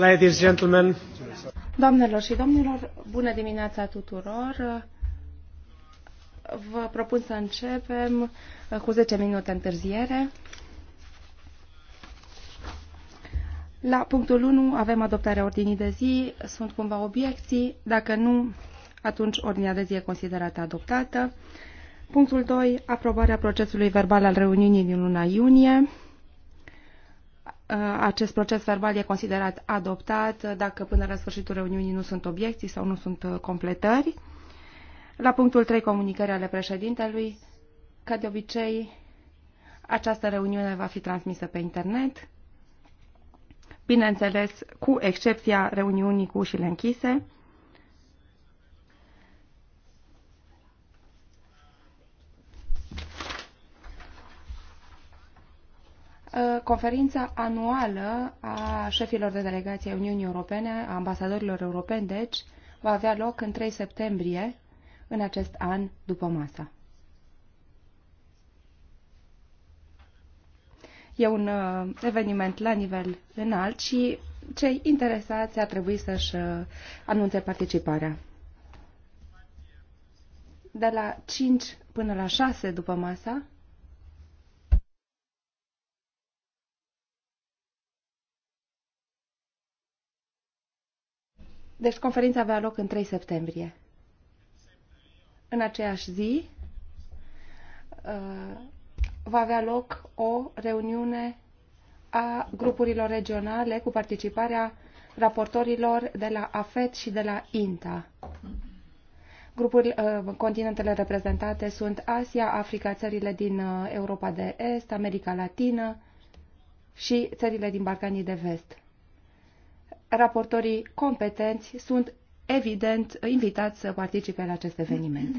Ladies, gentlemen. Doamnelor și domnilor, bună dimineața tuturor. Vă propun să începem cu 10 minute întârziere. La punctul 1 avem adoptarea ordinii de zi. Sunt cumva obiecții. Dacă nu, atunci ordinea de zi e considerată adoptată. Punctul 2. Aprobarea procesului verbal al reuniunii din luna iunie acest proces verbal e considerat adoptat dacă până la sfârșitul reuniunii nu sunt obiecții sau nu sunt uh, completări. La punctul 3, comunicări ale președintelui. Ca de obicei, această reuniune va fi transmisă pe internet, bineînțeles, cu excepția reuniunii cu ușile închise. Uh, conferința anuală a șefilor de delegație a Uniunii Europene, a ambasadorilor europeni, deci, va avea loc în 3 septembrie în acest an după masa. E un uh, eveniment la nivel înalt și cei interesați ar trebui să-și uh, anunțe participarea. De la 5 până la 6 după masa, Deci conferința avea loc în 3 septembrie. În aceeași zi uh, va avea loc o reuniune a grupurilor regionale cu participarea raportorilor de la AFET și de la INTA. Grupuri, uh, continentele reprezentate sunt Asia, Africa, țările din uh, Europa de Est, America Latină și țările din Balcanii de Vest raportorii competenți sunt evident invitați să participe la acest eveniment.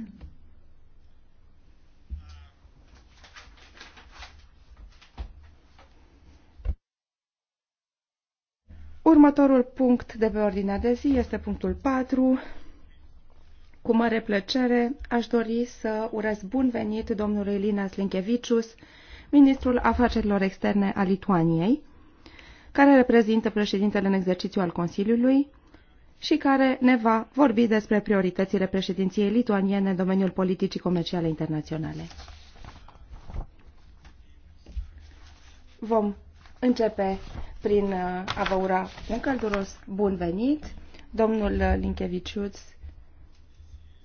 Următorul punct de pe ordinea de zi este punctul 4. Cu mare plăcere aș dori să urez bun venit domnului Linas Linkevicius, ministrul afacerilor externe al Lituaniei care reprezintă președintele în exercițiu al Consiliului și care ne va vorbi despre prioritățile președinției lituaniene în domeniul politicii comerciale internaționale. Vom începe prin uh, a vă ura un călduros bun venit. Domnul Linkeviciuț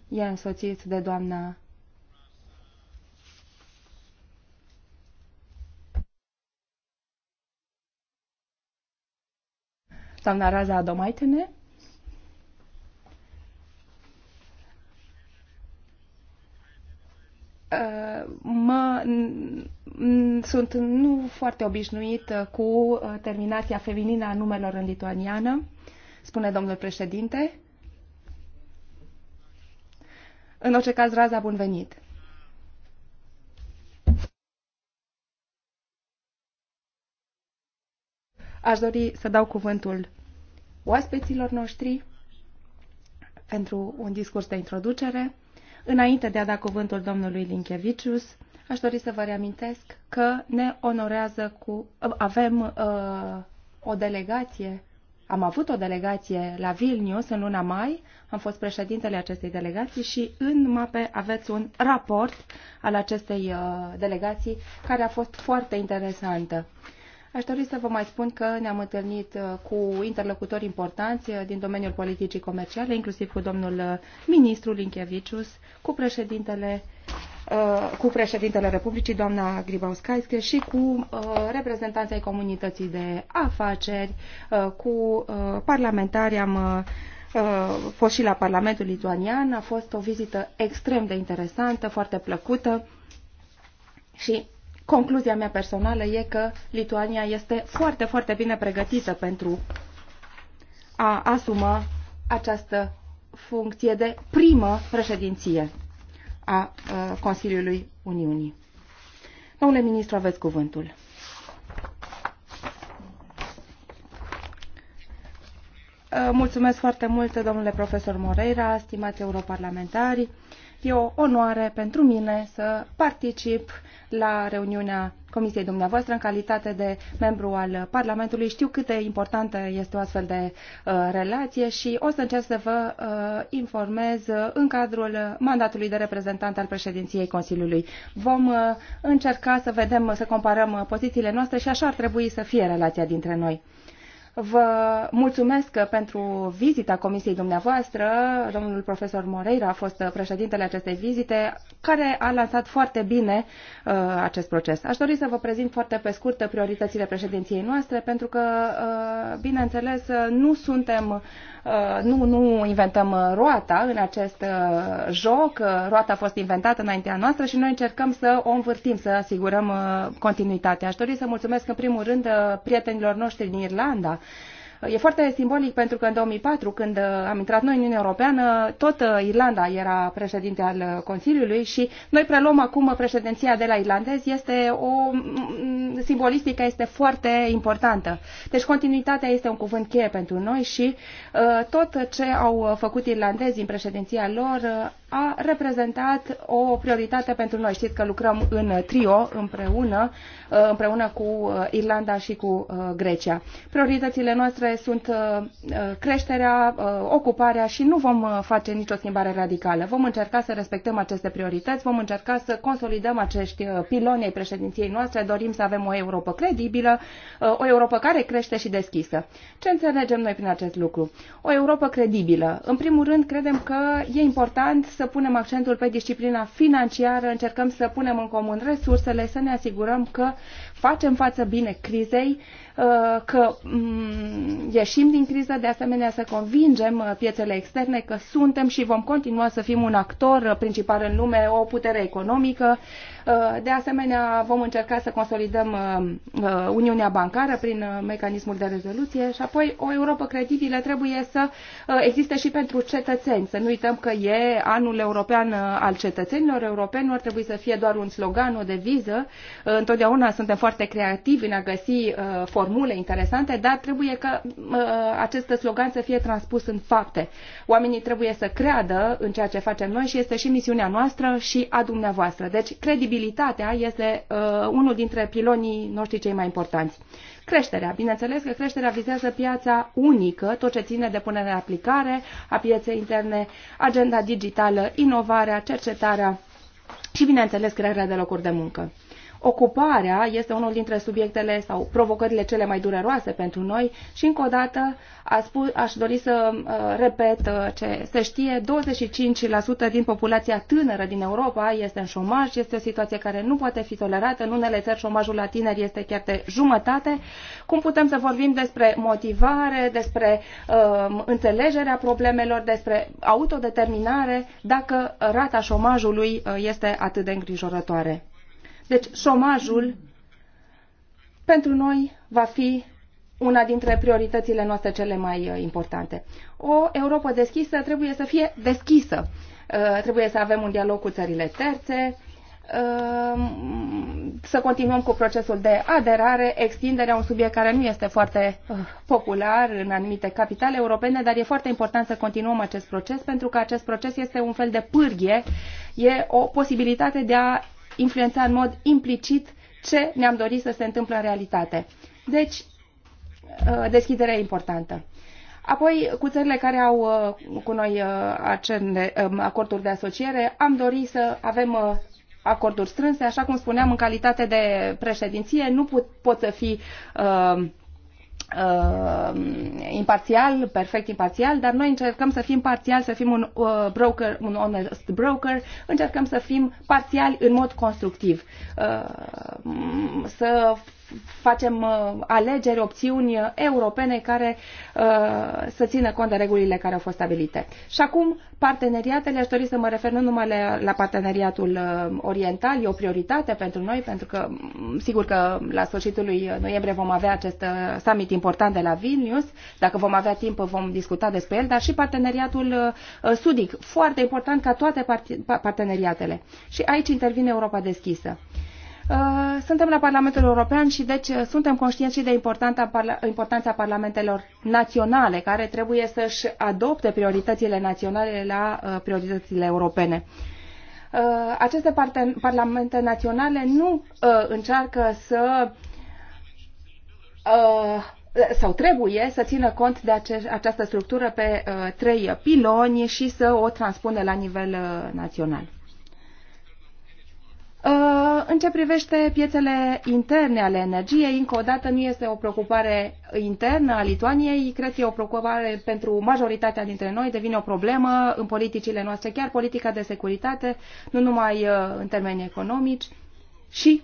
e însoțit de doamna Doamna Raza Adomaitene. Uh, mă, sunt nu foarte obișnuit uh, cu uh, terminația feminină a numelor în lituaniană, spune domnul președinte. În orice caz, raza bun venit! Aș dori să dau cuvântul oaspeților noștri pentru un discurs de introducere. Înainte de a da cuvântul domnului Linkevicius, aș dori să vă reamintesc că ne onorează cu... avem uh, o delegație am avut o delegație la Vilnius în luna mai, am fost președintele acestei delegații și în mape aveți un raport al acestei uh, delegații care a fost foarte interesantă. Aș dori să vă mai spun că ne-am întâlnit uh, cu interlocutori importanți uh, din domeniul politicii comerciale, inclusiv cu domnul uh, ministru Linkevicius, cu președintele cu președintele Republicii, doamna Gribauskaiske, și cu reprezentanții comunității de afaceri, cu parlamentari. Am fost și la Parlamentul Lituanian. A fost o vizită extrem de interesantă, foarte plăcută și Concluzia mea personală e că Lituania este foarte, foarte bine pregătită pentru a asuma această funcție de primă președinție a uh, Consiliului Uniunii. Domnule ministru, aveți cuvântul. Uh, mulțumesc foarte mult, domnule profesor Moreira, stimați europarlamentari. E o onoare pentru mine să particip la reuniunea Comisiei dumneavoastră în calitate de membru al Parlamentului. Știu cât de importantă este o astfel de uh, relație și o să încerc să vă uh, informez în cadrul mandatului de reprezentant al președinției Consiliului. Vom uh, încerca să vedem, să comparăm pozițiile noastre și așa ar trebui să fie relația dintre noi. Vă mulțumesc pentru vizita comisiei dumneavoastră. Domnul profesor Moreira a fost președintele acestei vizite, care a lansat foarte bine uh, acest proces. Aș dori să vă prezint foarte pe scurt prioritățile președinției noastre, pentru că, uh, bineînțeles, nu suntem, uh, nu, nu inventăm roata în acest uh, joc. Roata a fost inventată înaintea noastră și noi încercăm să o învârtim, să asigurăm uh, continuitatea. Aș dori să mulțumesc, în primul rând, uh, prietenilor noștri din Irlanda, E foarte simbolic pentru că în 2004, când uh, am intrat noi în Uniunea Europeană, tot uh, Irlanda era președinte al uh, Consiliului și noi preluăm acum președinția de la irlandezi. Este o mm, mm, simbolistică este foarte importantă. Deci continuitatea este un cuvânt cheie pentru noi și tot ce au făcut irlandezii în președinția lor a reprezentat o prioritate pentru noi. Știți că lucrăm în trio împreună, uh, împreună cu uh, Irlanda și cu uh, Grecia. Prioritățile noastre sunt creșterea, ocuparea și nu vom face nicio schimbare radicală. Vom încerca să respectăm aceste priorități, vom încerca să consolidăm acești piloni ai președinției noastre. Dorim să avem o Europa credibilă, o Europa care crește și deschisă. Ce înțelegem noi prin acest lucru? O Europa credibilă. În primul rând, credem că e important să punem accentul pe disciplina financiară, încercăm să punem în comun resursele, să ne asigurăm că facem față bine crizei, uh, că mm, ieșim din criză, de asemenea să convingem uh, piețele externe că suntem și vom continua să fim un actor uh, principal în lume, o putere economică. De asemenea, vom încerca să consolidăm Uniunea Bancară prin mecanismul de rezoluție și apoi o Europa credibilă trebuie să existe și pentru cetățeni. Să nu uităm că e anul european al cetățenilor europeni, nu ar trebui să fie doar un slogan, o deviză. Întotdeauna suntem foarte creativi în a găsi uh, formule interesante, dar trebuie ca uh, acest slogan să fie transpus în fapte. Oamenii trebuie să creadă în ceea ce facem noi și este și misiunea noastră și a dumneavoastră. Deci credibilitatea este uh, unul dintre pilonii noștri cei mai importanți. Creșterea. Bineînțeles că creșterea vizează piața unică, tot ce ține de punerea în aplicare a pieței interne, agenda digitală, inovarea, cercetarea și, bineînțeles, crearea de locuri de muncă ocuparea este unul dintre subiectele sau provocările cele mai dureroase pentru noi și încă o dată aș dori să uh, repet uh, ce se știe, 25% din populația tânără din Europa este în șomaj, este o situație care nu poate fi tolerată, în unele țări șomajul la tineri este chiar de jumătate. Cum putem să vorbim despre motivare, despre uh, înțelegerea problemelor, despre autodeterminare, dacă rata șomajului uh, este atât de îngrijorătoare? Deci șomajul pentru noi va fi una dintre prioritățile noastre cele mai uh, importante. O Europa deschisă trebuie să fie deschisă. Uh, trebuie să avem un dialog cu țările terțe, uh, să continuăm cu procesul de aderare, extinderea, un subiect care nu este foarte popular în anumite capitale europene, dar e foarte important să continuăm acest proces, pentru că acest proces este un fel de pârghie, e o posibilitate de a influența în mod implicit ce ne-am dorit să se întâmple în realitate. Deci, uh, deschiderea e importantă. Apoi, cu țările care au uh, cu noi uh, um, acorduri de asociere, am dorit să avem acorduri strânse. Așa cum spuneam, în calitate de președinție, nu pot, pot să fi uh, uh, imparțial, perfect imparțial, dar noi încercăm să fim parțial, să fim un uh, broker, un honest broker, încercăm să fim parțiali în mod constructiv, uh, să facem uh, alegeri, opțiuni uh, europene care uh, să țină cont de regulile care au fost stabilite. Și acum, parteneriatele, aș dori să mă refer nu numai la parteneriatul oriental, e o prioritate pentru noi, pentru că mm, sigur că la sfârșitul lui noiembrie vom avea acest summit important de la Vilnius, dacă vom avea timp vom discuta despre el, dar și parteneriatul sudic, foarte important ca toate parteneriatele. Și aici intervine Europa deschisă. Uh, suntem la Parlamentul European și deci uh, suntem conștienți și de importanța parlamentelor naționale, care trebuie să-și adopte prioritățile naționale la uh, prioritățile europene aceste parlamente naționale nu încearcă să sau trebuie să țină cont de această structură pe trei piloni și să o transpună la nivel național. Uh, în ce privește piețele interne ale energiei, încă o dată nu este o preocupare internă a Lituaniei, cred că e o preocupare pentru majoritatea dintre noi, devine o problemă în politicile noastre, chiar politica de securitate, nu numai uh, în termeni economici. Și,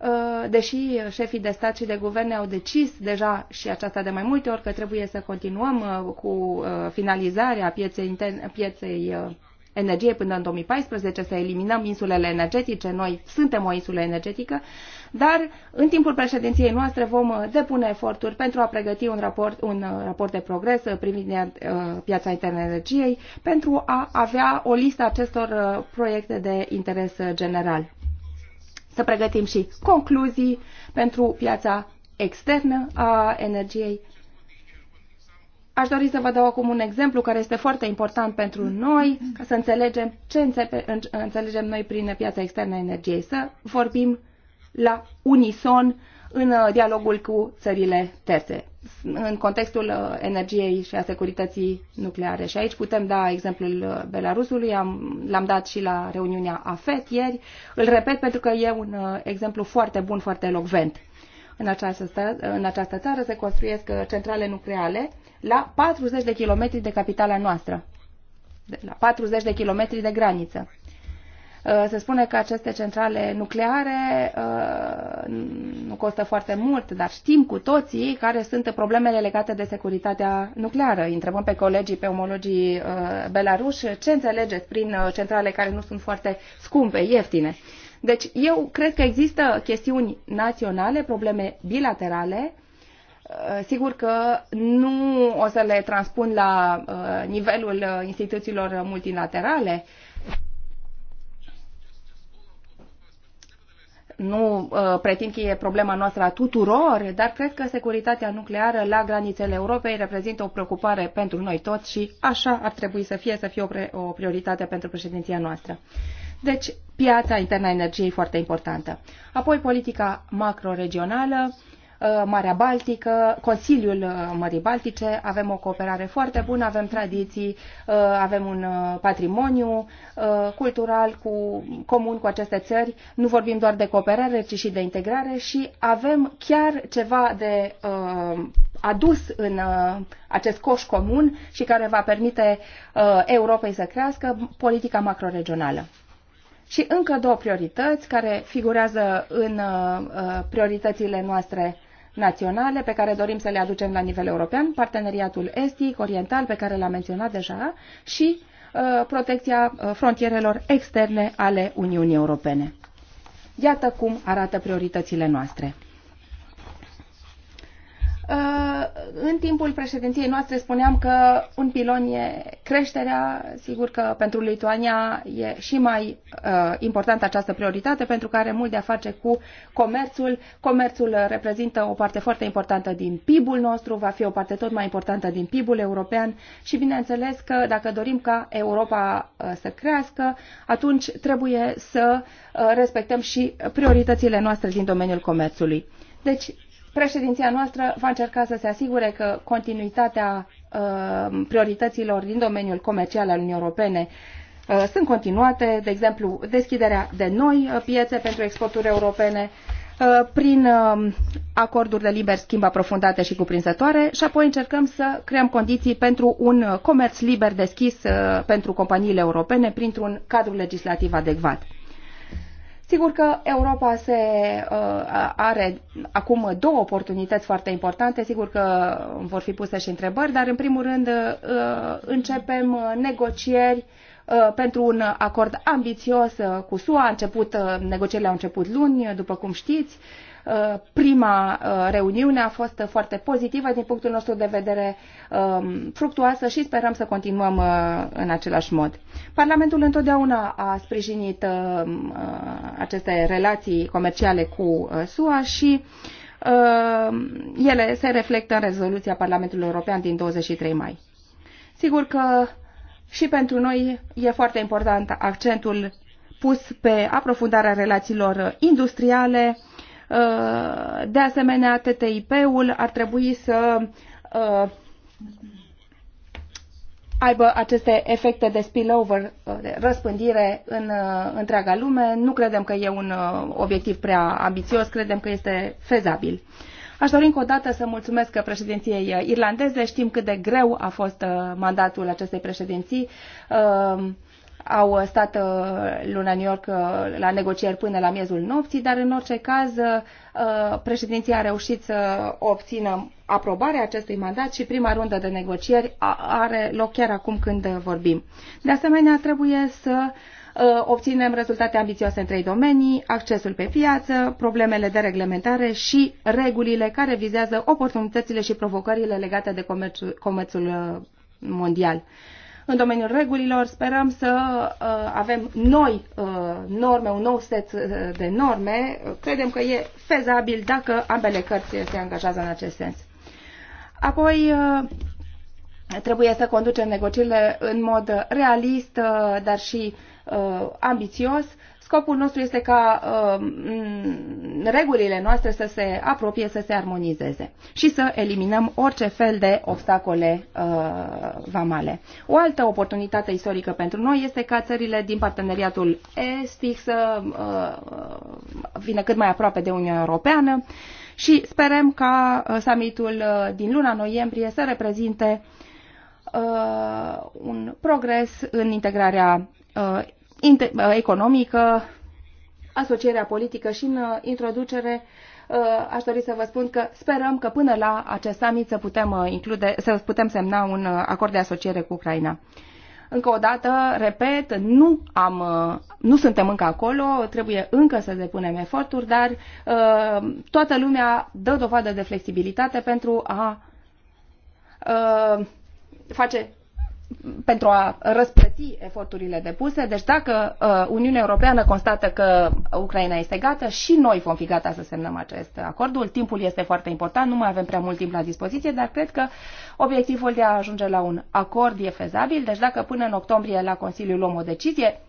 uh, deși șefii de stat și de guverne au decis deja și aceasta de mai multe ori că trebuie să continuăm cu finalizarea pieței, interne, pieței energie până în 2014, să eliminăm insulele energetice. Noi suntem o insulă energetică, dar în timpul președinției noastre vom uh, depune eforturi pentru a pregăti un raport, un uh, raport de progres uh, privind piața internă energiei, pentru a avea o listă acestor proiecte de interes general. Să pregătim și concluzii pentru piața externă a energiei Aș dori să vă dau acum un exemplu care este foarte important pentru noi, ca să înțelegem ce înțepe, înțelegem noi prin piața externă a energiei, să vorbim la unison în uh, dialogul cu țările terțe, în contextul uh, energiei și a securității nucleare. Și aici putem da exemplul uh, Belarusului, am, l-am dat și la reuniunea AFET ieri. Îl repet pentru că e un exemplu foarte bun, foarte elocvent în această, în această țară se construiesc uh, centrale nucleare la 40 de kilometri de capitala noastră, la 40 de kilometri de graniță. Uh, se spune că aceste centrale nucleare uh, nu costă foarte mult, dar știm cu toții care sunt problemele legate de securitatea nucleară. Întrebăm pe colegii, pe omologii belaruși, ce înțelegeți prin centrale care nu sunt foarte scumpe, ieftine. Deci eu cred că există chestiuni naționale, probleme bilaterale, uh, Sigur că nu o să le transpun la uh, nivelul uh, instituțiilor multilaterale. Nu pretind că e problema noastră a tuturor, dar cred că securitatea nucleară la granițele Europei reprezintă o preocupare pentru noi toți și așa ar trebui să fie, să fie o, prioritate pentru președinția noastră. Deci, piața internă a energiei foarte importantă. Apoi, politica macroregională, uh, Marea Baltică, Consiliul uh, Mării Baltice, avem o cooperare foarte bună, avem tradiții, uh, avem un patrimoniu cultural cu, comun cu aceste țări, nu vorbim doar de cooperare, ci și de integrare și avem chiar ceva de adus în acest coș comun și care va permite Europei să crească politica macroregională. Și încă două priorități care figurează în uh, uh, prioritățile noastre naționale pe care dorim să le aducem la nivel european, parteneriatul estic, oriental, pe care l-am menționat deja, și uh, protecția frontierelor externe ale Uniunii Europene. Iată cum arată prioritățile noastre. Uh, în timpul președinției noastre spuneam că un pilon e creșterea, sigur că pentru Lituania e și mai uh, importantă această prioritate pentru că are mult de a face cu comerțul. Comerțul reprezintă o parte foarte importantă din PIB-ul nostru, va fi o parte tot mai importantă din PIB-ul european și bineînțeles că dacă dorim ca Europa uh, să crească, atunci trebuie să respectăm și prioritățile noastre din domeniul comerțului. Deci, Președinția noastră va încerca să se asigure că continuitatea uh, priorităților din domeniul comercial al Uniunii Europene uh, sunt continuate, de exemplu, deschiderea de noi uh, piețe pentru exporturi europene, prin um, acorduri de liber schimb aprofundate și cuprinzătoare și apoi încercăm să creăm condiții pentru un comerț liber deschis pentru companiile europene printr-un cadru legislativ adecvat. Sigur că Europa se uh, are acum două oportunități foarte importante, sigur că vor fi puse și întrebări, dar în primul rând uh, începem uh, negocieri uh, pentru un acord ambițios uh, cu SUA. A început, negocierile au început luni, după cum știți. Uh, prima uh, reuniune a fost foarte pozitivă din punctul nostru de vedere um, fructuoasă și sperăm să continuăm uh, în același mod. Parlamentul întotdeauna a sprijinit aceste relații comerciale cu SUA și ele se reflectă în rezoluția Parlamentului European din 23 mai. Sigur că și pentru noi e foarte important accentul pus pe aprofundarea relațiilor industriale Uh, de asemenea, TTIP-ul ar trebui să uh, aibă aceste efecte de spillover, uh, de răspândire în întreaga lume. Nu credem că e un obiectiv prea ambițios, credem că este fezabil. Aș dori încă o dată să mulțumesc președinției irlandeze. Știm cât de greu a fost mandatul acestei președinții au stat uh, luna New York uh, la negocieri până la miezul nopții, dar în orice caz uh, președinția a reușit să obțină aprobarea acestui mandat și prima rundă de negocieri are loc chiar acum când vorbim. De asemenea, trebuie să obținem rezultate ambițioase în trei domenii, accesul pe piață, problemele de reglementare și regulile care vizează oportunitățile și provocările legate de comerțul, comerțul mondial. În domeniul regulilor sperăm să uh, avem noi uh, norme, un nou set uh, de norme. Credem că e fezabil dacă ambele cărți se angajează în acest sens. Apoi, trebuie să conducem negocierile în mod realist, dar și ambițios. Scopul nostru este ca uh, regulile noastre să se apropie, să se armonizeze și să eliminăm orice fel de obstacole uh, vamale. O altă oportunitate istorică pentru noi este ca țările din parteneriatul estic să uh, vină cât mai aproape de Uniunea Europeană și sperăm ca uh, summitul uh, din luna noiembrie să reprezinte uh, un progres în integrarea uh, Uh, economică, asocierea politică și în uh, introducere uh, aș dori să vă spun că sperăm că până la acest summit să putem, include, să putem semna un acord de asociere cu Ucraina. Încă o dată, repet, nu, am, nu suntem încă acolo, trebuie încă să depunem eforturi, dar toată lumea dă dovadă de flexibilitate pentru a face pentru a răsplăti eforturile depuse. Deci dacă uh, Uniunea Europeană constată că Ucraina este gata, și noi vom fi gata să semnăm acest acordul. Timpul este foarte important, nu mai avem prea mult timp la dispoziție, dar cred că obiectivul de a ajunge la un acord e fezabil. Deci dacă până în octombrie la Consiliu luăm o decizie,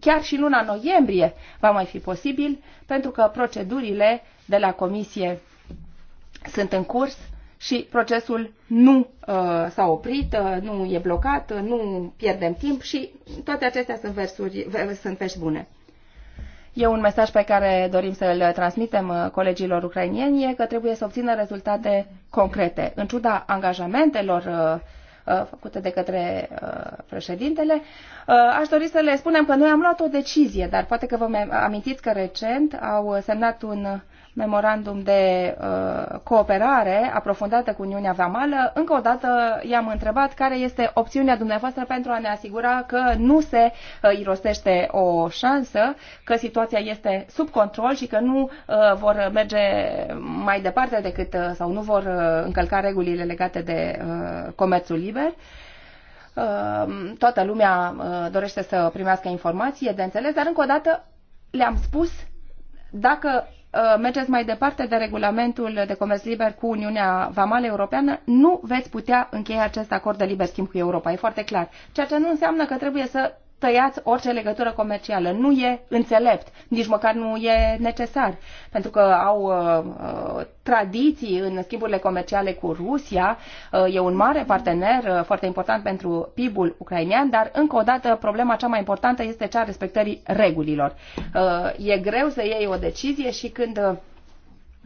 chiar și luna noiembrie va mai fi posibil, pentru că procedurile de la Comisie sunt în curs și procesul nu uh, s-a oprit, uh, nu e blocat, uh, nu pierdem timp și toate acestea sunt, versuri, sunt vești bune. E un mesaj pe care dorim să îl transmitem uh, colegilor ucrainieni, e că trebuie să obțină rezultate concrete. În ciuda angajamentelor uh, uh, făcute de către președintele, aș dori să le spunem că noi am luat o decizie, dar poate că vă amintiți că recent au semnat un memorandum de uh, cooperare aprofundată cu Uniunea Vamală, încă o dată i-am întrebat care este opțiunea dumneavoastră pentru a ne asigura că nu se uh, irosește o șansă, că situația este sub control și că nu uh, vor merge mai departe decât uh, sau nu vor uh, încălca regulile legate de uh, comerțul liber. Uh, toată lumea uh, dorește să primească informații de înțeles, dar încă o dată le-am spus dacă Uh, mergeți mai departe de regulamentul de comerț liber cu Uniunea Vamală Europeană, nu veți putea încheia acest acord de liber schimb cu Europa. E foarte clar. Ceea ce nu înseamnă că trebuie să tăiați orice legătură comercială. Nu e înțelept, nici măcar nu e necesar, pentru că au uh, uh tradiții în schimburile comerciale cu Rusia, uh, e un mare partener uh, foarte important pentru PIB-ul ucrainean, dar încă o dată problema cea mai importantă este cea a respectării regulilor. Uh, e greu să iei o decizie și când uh,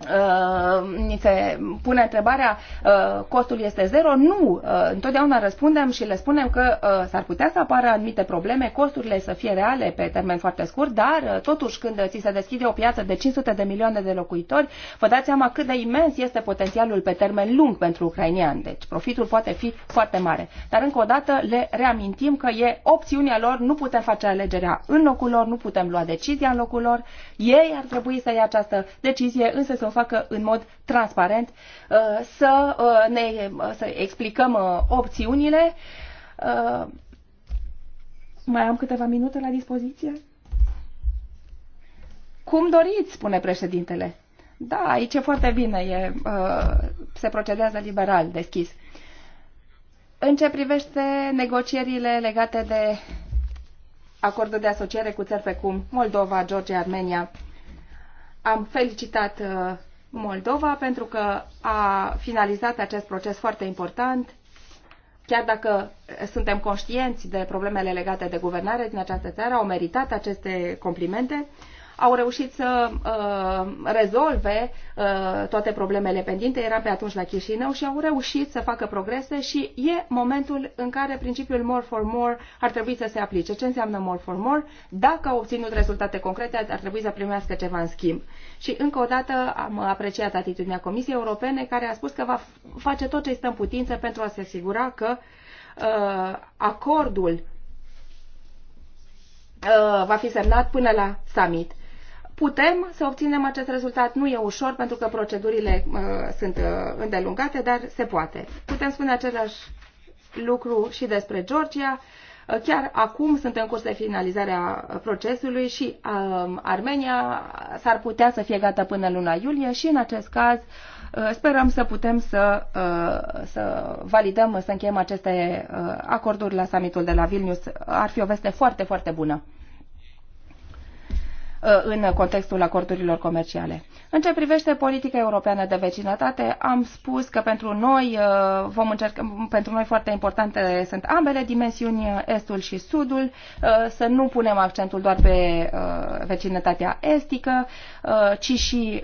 Uh, ni se pune întrebarea uh, costul este zero, nu, uh, întotdeauna răspundem și le spunem că s-ar putea să apară anumite probleme, costurile să fie reale pe termen foarte scurt, dar totuși când ți se deschide o piață de 500 de milioane de locuitori, vă dați seama cât de imens este potențialul pe termen lung pentru ucrainian, deci profitul poate fi foarte mare. Dar încă o dată le reamintim că e opțiunea lor, nu putem face alegerea în locul lor, nu putem lua decizia în locul lor, ei ar trebui să ia această decizie, însă o facă în mod transparent, uh, să uh, ne uh, să explicăm opțiunile. Mai am câteva minute la dispoziție? Cum doriți, spune președintele. Da, aici e foarte bine, e, se procedează liberal, deschis. În ce privește negocierile legate de acordul de asociere cu țări precum Moldova, Georgia, Armenia, am felicitat uh, Moldova pentru că a finalizat acest proces foarte important, chiar dacă uh, suntem conștienți de problemele legate de guvernare din această țară, au meritat aceste complimente au reușit să uh, rezolve uh, toate problemele pendinte, era pe atunci la Chișinău și au reușit să facă progrese și e momentul în care principiul more for more ar trebui să se aplice. Ce înseamnă more for more? Dacă au obținut rezultate concrete, ar trebui să primească ceva în schimb. Și încă o dată am apreciat atitudinea Comisiei Europene care a spus că va face tot ce stă în putință pentru a se asigura că uh, acordul uh, va fi semnat până la summit putem să obținem acest rezultat. Nu e ușor pentru că procedurile uh, sunt uh, îndelungate, dar se poate. Putem spune același lucru și despre Georgia. Uh, chiar acum sunt în curs de finalizare a procesului și uh, Armenia s-ar putea să fie gata până luna iulie și în acest caz uh, sperăm să putem să, uh, să validăm, să încheiem aceste uh, acorduri la summitul de la Vilnius. Ar fi o veste foarte, foarte bună. Uh, în contextul acordurilor comerciale. În ce privește politica europeană de vecinătate, am spus că pentru noi, uh, vom încerca, pentru noi foarte importante sunt ambele dimensiuni, uh, estul și sudul, să nu punem accentul doar pe vecinătatea estică, ci și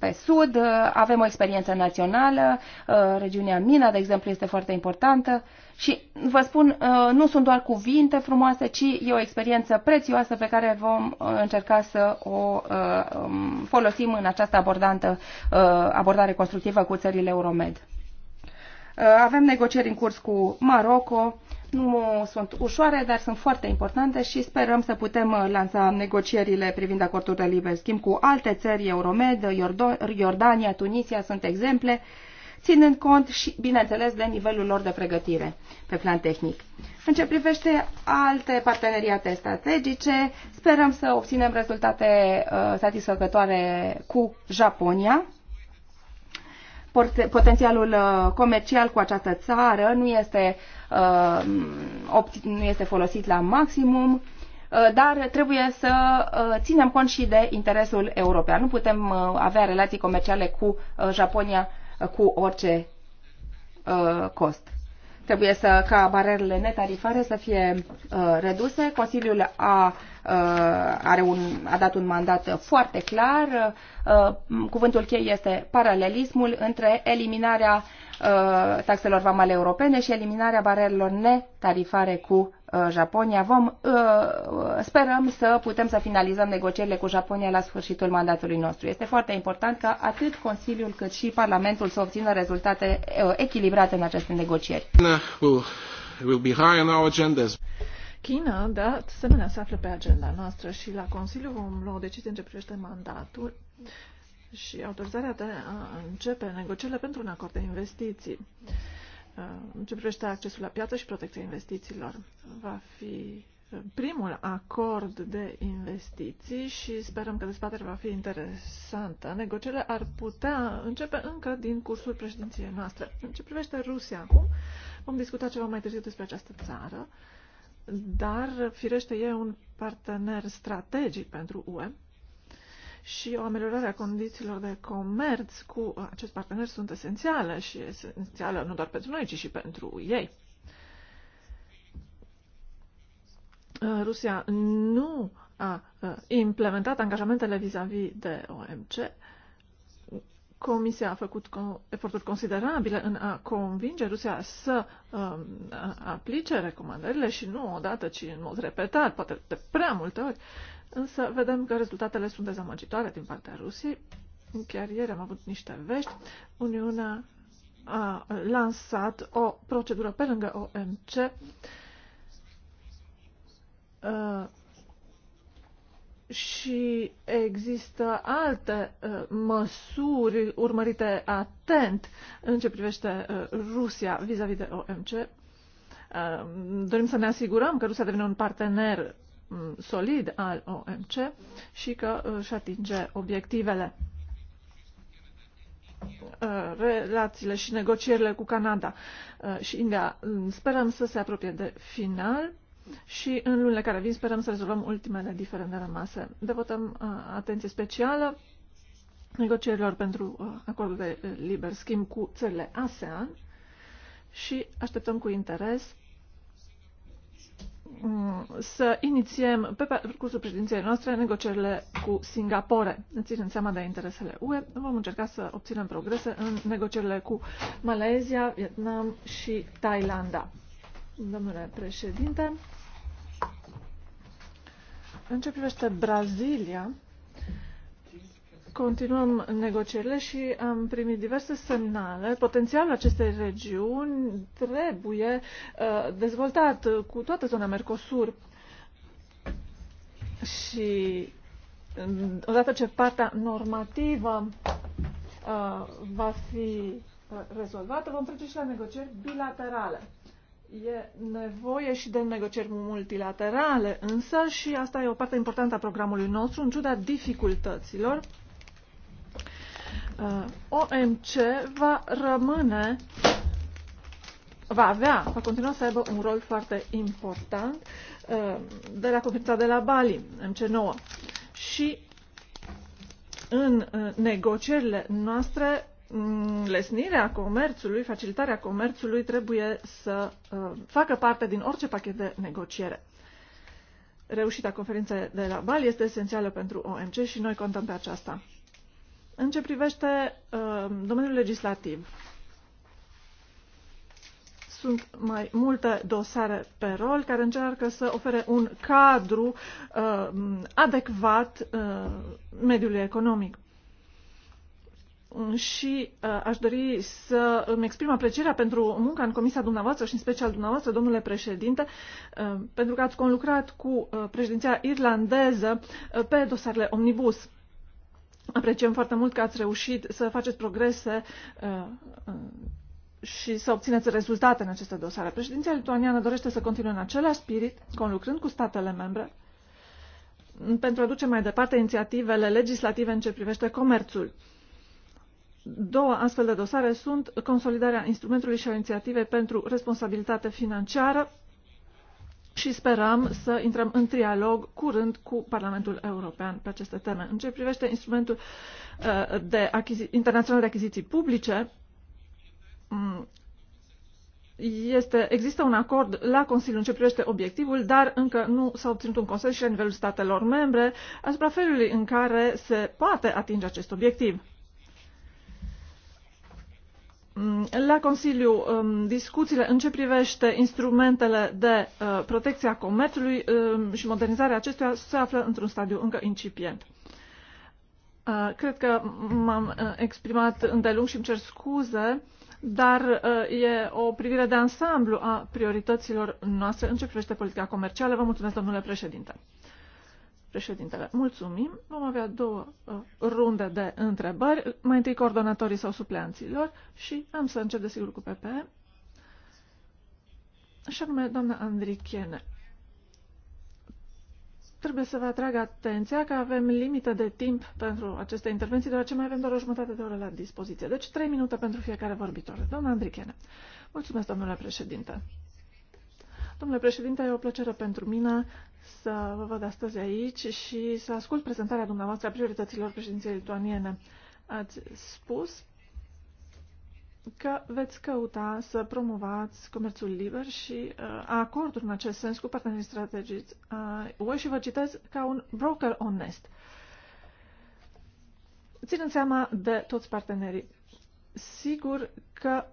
pe sud. Avem o experiență națională, regiunea Mina, de exemplu, este foarte importantă. Și vă spun, uh, nu sunt doar cuvinte frumoase, ci e o experiență prețioasă pe care vom uh, încerca să o uh, um, folosim în această abordantă, abordare constructivă cu țările Euromed. Avem negocieri în curs cu Maroco, nu sunt ușoare, dar sunt foarte importante și sperăm să putem lansa negocierile privind acordul de liber schimb cu alte țări Euromed, Iordania, Tunisia sunt exemple ținând cont și, bineînțeles, de nivelul lor de pregătire pe plan tehnic. În ce privește alte parteneriate strategice, sperăm să obținem rezultate uh, satisfăcătoare cu Japonia. Potențialul uh, comercial cu această țară nu este, uh, nu este folosit la maximum uh, dar trebuie să uh, ținem cont și de interesul european. Nu putem avea relații comerciale cu Japonia cu orice uh, cost. Trebuie să, ca barierele netarifare să fie uh, reduse. Consiliul a, uh, are un, a dat un mandat foarte clar. Uh, cuvântul cheie este paralelismul între eliminarea uh, Uh, taxelor vamale europene și eliminarea barierelor netarifare cu uh, Japonia. Vom, uh, sperăm să putem să finalizăm negocierile cu Japonia la sfârșitul mandatului nostru. Este foarte important ca atât Consiliul cât și Parlamentul să obțină rezultate echilibrate în aceste negocieri. China, de asemenea, se află pe agenda noastră și la Consiliu vom lua o decizie în ce privește mandatul și autorizarea de a începe negocierile pentru un acord de investiții. Uh, în ce privește accesul la piață și protecția investițiilor, va fi uh, primul acord de investiții și sperăm că dezbaterea va fi interesantă. Negocierile ar putea începe încă din cursul președinției noastre. În ce privește Rusia acum, vom discuta ceva mai târziu despre această țară, dar firește e un partener strategic pentru UE și o ameliorare a condițiilor de comerț cu acest partener sunt esențiale și esențiale nu doar pentru noi, ci și pentru ei. Uh, Rusia nu a uh, implementat angajamentele vis-a-vis -vis de OMC. Comisia a făcut eforturi considerabile în a convinge Rusia să um, aplice recomandările și nu odată, ci în mod repetat, poate de prea multe ori. Însă vedem că rezultatele sunt dezamăgitoare din partea Rusiei. Chiar ieri am avut niște vești. Uniunea a lansat o procedură pe lângă OMC uh, și există alte uh, măsuri urmărite atent în ce privește uh, Rusia vis-a-vis -vis de OMC. Dorim să ne asigurăm că Rusia devine un partener Mm, solid al OMC și că uh, își atinge obiectivele. Uh, relațiile și negocierile cu Canada uh, și India mm, sperăm să se apropie de final și în lunile care vin sperăm să rezolvăm ultimele diferende rămase. Devotăm atenție specială negocierilor pentru acordul de liber schimb cu țările ASEAN și așteptăm cu interes Mm, să inițiem pe parcursul președinției noastre negocierile cu Singapore. Ținând seama de interesele UE, vom încerca să obținem progrese în negocierile cu Malezia, Vietnam și Thailanda. Domnule președinte, în ce privește Brazilia, Continuăm negocierile și am primit diverse semnale. Potențialul acestei regiuni trebuie uh, dezvoltat cu toată zona Mercosur. Și uh, odată ce partea normativă uh, va fi rezolvată, vom trece și la negocieri bilaterale. E nevoie și de negocieri multilaterale, însă, și asta e o parte importantă a programului nostru, în ciuda dificultăților Uh, OMC va rămâne, va avea, va continua să aibă un rol foarte important uh, de la conferința de la Bali, MC9. Și în uh, negocierile noastre, mm, lesnirea comerțului, facilitarea comerțului trebuie să facă parte din orice pachet de negociere. Reușita conferinței de la Bali este esențială pentru OMC și noi contăm pe aceasta. În ce privește uh, domeniul legislativ, sunt mai multe dosare pe rol care încearcă să ofere un cadru uh, adecvat uh, mediului economic. Și uh, aș dori să îmi exprim aprecierea pentru munca în comisia dumneavoastră și în special dumneavoastră, domnule președinte, uh, pentru că ați conlucrat cu uh, președinția irlandeză uh, pe dosarele omnibus. Apreciem foarte mult că ați reușit să faceți progrese uh, uh, și să obțineți rezultate în aceste dosare. Președinția lituaniană dorește să continue în același spirit, conlucrând cu statele membre, pentru a duce mai departe inițiativele legislative în ce privește comerțul. Două astfel de dosare sunt consolidarea instrumentului și a inițiativei pentru responsabilitate financiară și sperăm să intrăm în trialog curând cu Parlamentul European pe aceste teme. În ce privește instrumentul uh, de achizi- internațional de achiziții publice, mm, este, există un acord la Consiliu în ce privește obiectivul, dar încă nu s-a obținut un consens și la nivelul statelor membre asupra felului în care se poate atinge acest obiectiv. Mm, la Consiliu mm, discuțiile în ce privește instrumentele de uh, protecție a comerțului mm, și modernizarea acestuia se află într-un stadiu încă incipient. Uh, cred că m-am uh, exprimat îndelung și îmi cer scuze, dar e o privire de ansamblu a priorităților noastre în ce privește politica comercială. Vă mulțumesc, domnule președinte. Președintele, mulțumim. Vom avea două uh, runde de întrebări. Mai întâi coordonatorii sau supleanților și am să încep desigur cu PP. Așa anume, doamna Andrichiene. Trebuie să vă atrag atenția că avem limită de timp pentru aceste intervenții, deoarece mai avem doar o jumătate de oră la dispoziție. Deci, trei minute pentru fiecare vorbitor. Doamna Andrichene. Mulțumesc, domnule președinte. Domnule președinte, e o plăcere pentru mine să vă văd astăzi aici și să ascult prezentarea dumneavoastră a priorităților președinției lituaniene. Ați spus că veți căuta să promovați comerțul liber și uh, acorduri în acest sens cu partenerii strategici. Uh, eu și vă citez ca un broker onest. Ținând seama de toți partenerii. Sigur că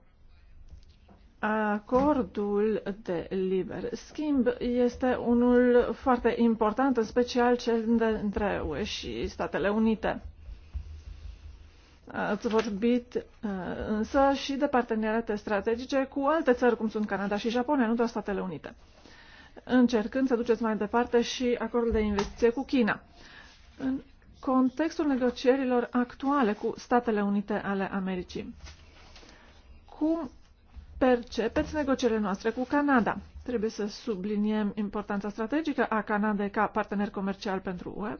Acordul de liber schimb este unul foarte important, în special cel dintre UE și Statele Unite. Ați vorbit uh, însă și de parteneriate strategice cu alte țări, cum sunt Canada și Japonia, nu doar Statele Unite, încercând să duceți mai departe și acordul de investiție cu China. În contextul negocierilor actuale cu Statele Unite ale Americii, cum percepeți negocierile noastre cu Canada? Trebuie să subliniem importanța strategică a Canadei ca partener comercial pentru UE,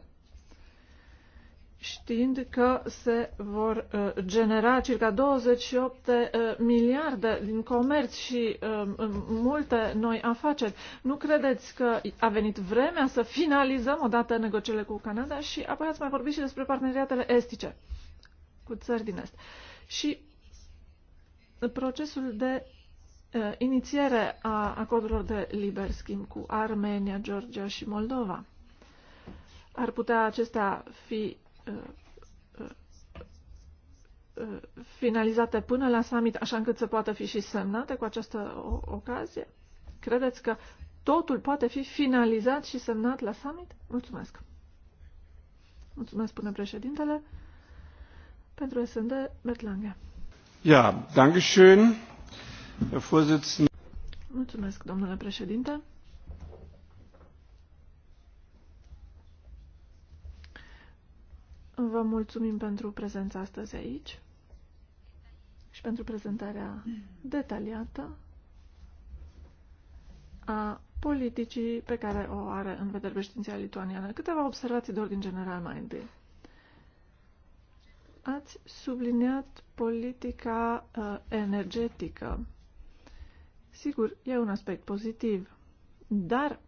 știind că se vor uh, genera circa 28 uh, miliarde din comerț și um, multe noi afaceri. Nu credeți că a venit vremea să finalizăm odată negocierile cu Canada și apoi ați mai vorbit și despre parteneriatele estice cu țări din Est. Și procesul de uh, inițiere a acordurilor de liber schimb cu Armenia, Georgia și Moldova. Ar putea acestea fi uh, uh, uh finalizate până la summit, așa încât să poată fi și semnate cu această ocazie? Credeți că totul poate fi finalizat și semnat la summit? Mulțumesc! Mulțumesc, spune președintele, pentru SND Bertlange. Mulțumesc, domnule președinte. Vă mulțumim pentru prezența astăzi aici și pentru prezentarea detaliată a politicii pe care o are în vedere președinția lituaniană. Câteva observații de ordin general mai întâi. Ați subliniat politica uh, energetică. Sigur, e un aspect pozitiv, dar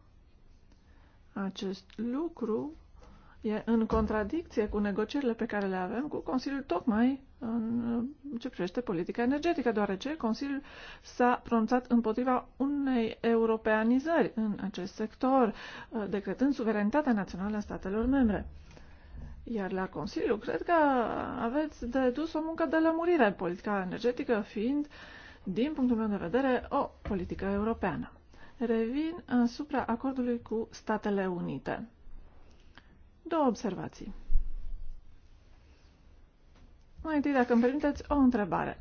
acest lucru e în contradicție cu negocierile pe care le avem cu Consiliul tocmai în uh, ce privește politica energetică, deoarece Consiliul s-a pronunțat împotriva unei europeanizări în acest sector, uh, decretând suveranitatea națională a statelor membre. Iar la Consiliu, cred că aveți de dus o muncă de lămurire, politica energetică fiind, din punctul meu de vedere, o politică europeană. Revin asupra acordului cu Statele Unite. Două observații. Mai întâi, dacă îmi permiteți, o întrebare.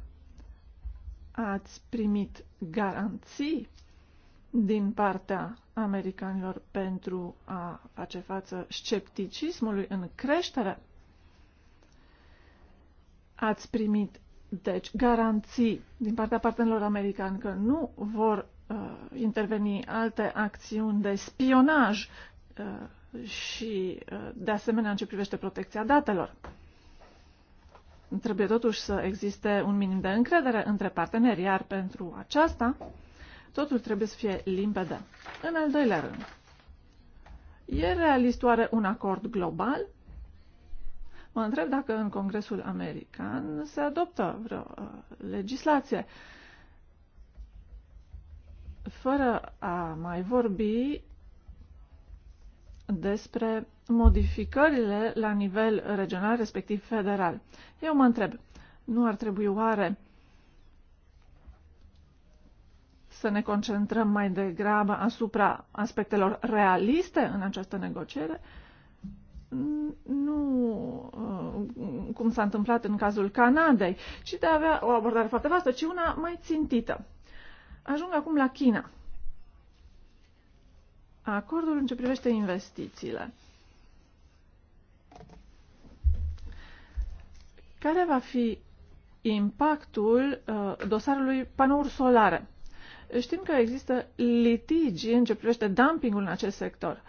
Ați primit garanții din partea americanilor pentru a face față scepticismului în creștere? Ați primit, deci, garanții din partea partenerilor americani că nu vor uh, interveni alte acțiuni de spionaj uh, și, uh, de asemenea, în ce privește protecția datelor. Trebuie totuși să existe un minim de încredere între parteneri, iar pentru aceasta Totul trebuie să fie limpede. În al doilea rând, e realist oare un acord global? Mă întreb dacă în Congresul American se adoptă vreo uh, legislație fără a mai vorbi despre modificările la nivel regional, respectiv federal. Eu mă întreb, nu ar trebui oare să ne concentrăm mai degrabă asupra aspectelor realiste în această negociere, nu uh, cum s-a întâmplat în cazul Canadei, ci de a avea o abordare foarte vastă, ci una mai țintită. Ajung acum la China. Acordul în ce privește investițiile. Care va fi impactul uh, dosarului panouri solare? Știm că există litigi în ce privește dumpingul în acest sector.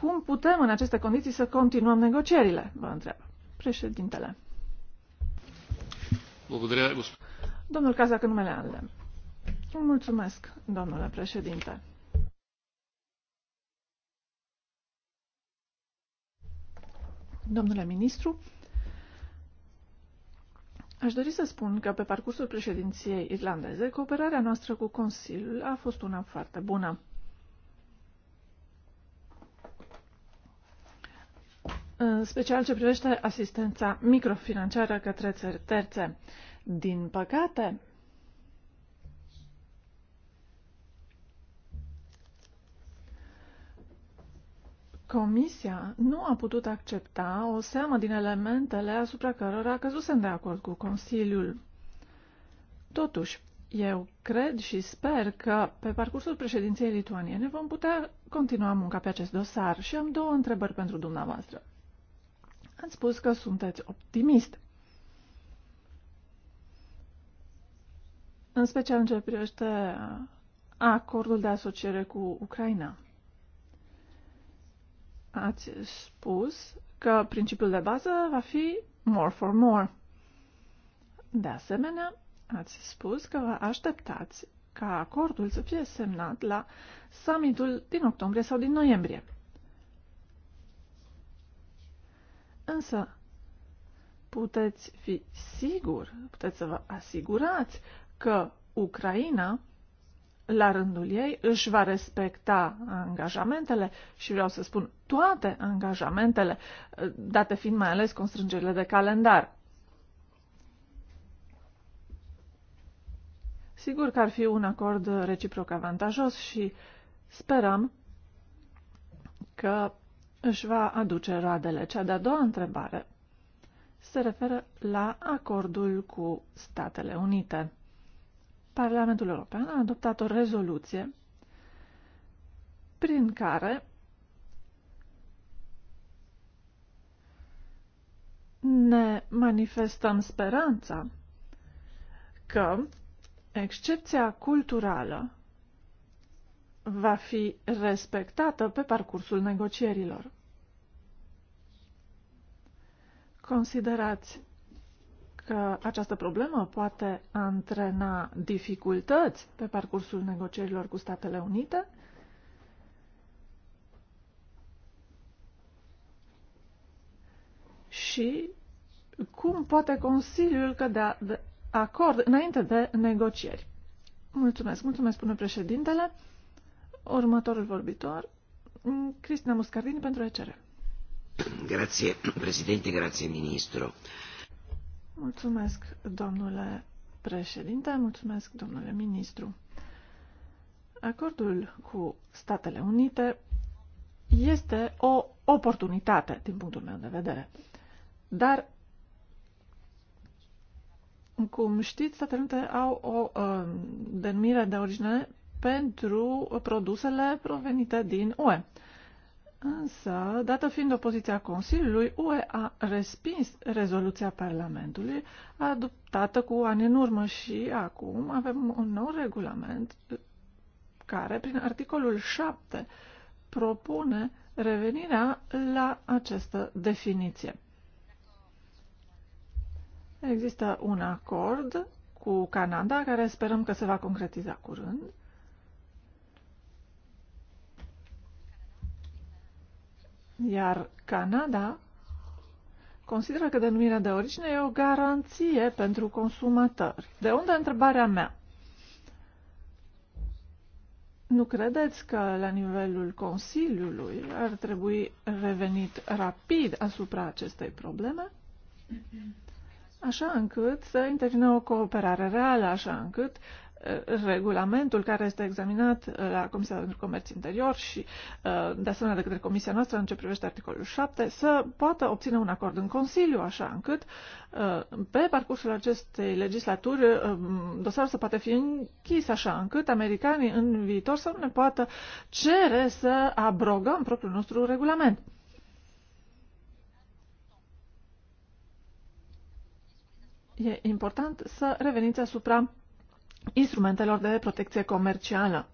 Cum putem în aceste condiții să continuăm negocierile? Vă întreb. Președintele. Domnul Cazac, în numele ALDE. Mulțumesc, domnule președinte. Domnule ministru, Aș dori să spun că pe parcursul președinției irlandeze, cooperarea noastră cu Consiliul a fost una foarte bună. În special ce privește asistența microfinanciară către țări terțe. Din păcate, Comisia nu a putut accepta o seamă din elementele asupra cărora căzusem de acord cu Consiliul. Totuși, eu cred și sper că pe parcursul președinției lituaniene vom putea continua munca pe acest dosar și am două întrebări pentru dumneavoastră. Ați spus că sunteți optimist. În special în ce privește acordul de asociere cu Ucraina ați spus că principiul de bază va fi more for more. De asemenea, ați spus că vă așteptați ca acordul să fie semnat la summitul din octombrie sau din noiembrie. Însă, puteți fi sigur, puteți să vă asigurați că Ucraina la rândul ei, își va respecta angajamentele și vreau să spun toate angajamentele, date fiind mai ales constrângerile de calendar. Sigur că ar fi un acord reciproc avantajos și sperăm că își va aduce roadele. Cea de-a doua întrebare se referă la acordul cu Statele Unite. Parlamentul European a adoptat o rezoluție prin care ne manifestăm speranța că excepția culturală va fi respectată pe parcursul negocierilor. Considerați că această problemă poate antrena dificultăți pe parcursul negocierilor cu Statele Unite? Și cum poate Consiliul cădea de acord înainte de negocieri? Mulțumesc, mulțumesc, spune președintele. Următorul vorbitor, Cristina Muscardini pentru ECR. Grazie, președinte, grazie, ministru. Mulțumesc, domnule președinte, mulțumesc, domnule ministru. Acordul cu Statele Unite este o oportunitate, din punctul meu de vedere. Dar, cum știți, Statele Unite au o uh, denumire de origine pentru produsele provenite din UE. Însă, dată fiind opoziția Consiliului, UE a respins rezoluția Parlamentului adoptată cu ani în urmă și acum avem un nou regulament care, prin articolul 7, propune revenirea la această definiție. Există un acord cu Canada, care sperăm că se va concretiza curând, Iar Canada consideră că denumirea de origine e o garanție pentru consumatori. De unde întrebarea mea? Nu credeți că la nivelul Consiliului ar trebui revenit rapid asupra acestei probleme? Așa încât să intervină o cooperare reală, așa încât regulamentul care este examinat uh, la Comisia pentru Comerț Interior și uh, de asemenea de către Comisia noastră în ce privește articolul 7 să poată obține un acord în Consiliu așa încât uh, pe parcursul acestei legislaturi dosarul să poate fi închis așa încât americanii în viitor să nu ne poată cere să abrogăm propriul nostru regulament. E important să reveniți asupra instrumentelor de protecție comercială.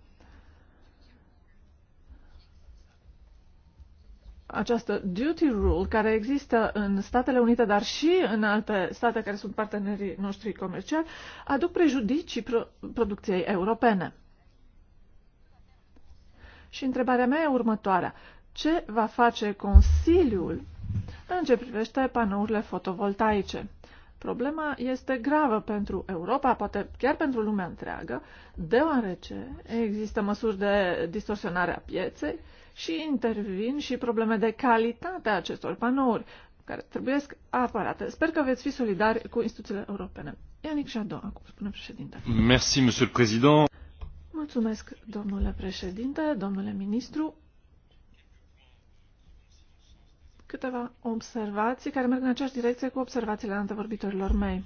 Această duty rule care există în Statele Unite, dar și în alte state care sunt partenerii noștri comerciali, aduc prejudicii pro- producției europene. Și întrebarea mea e următoarea. Ce va face Consiliul în ce privește panourile fotovoltaice? Problema este gravă pentru Europa, poate chiar pentru lumea întreagă, deoarece există măsuri de distorsionare a pieței și intervin și probleme de calitate a acestor panouri, care trebuie aparate. Sper că veți fi solidari cu instituțiile europene. Ianic Jadot, acum spune președinte. Merci, monsieur le président. Mulțumesc, domnule președinte, domnule ministru. câteva observații care merg în aceeași direcție cu observațiile antevorbitorilor mei.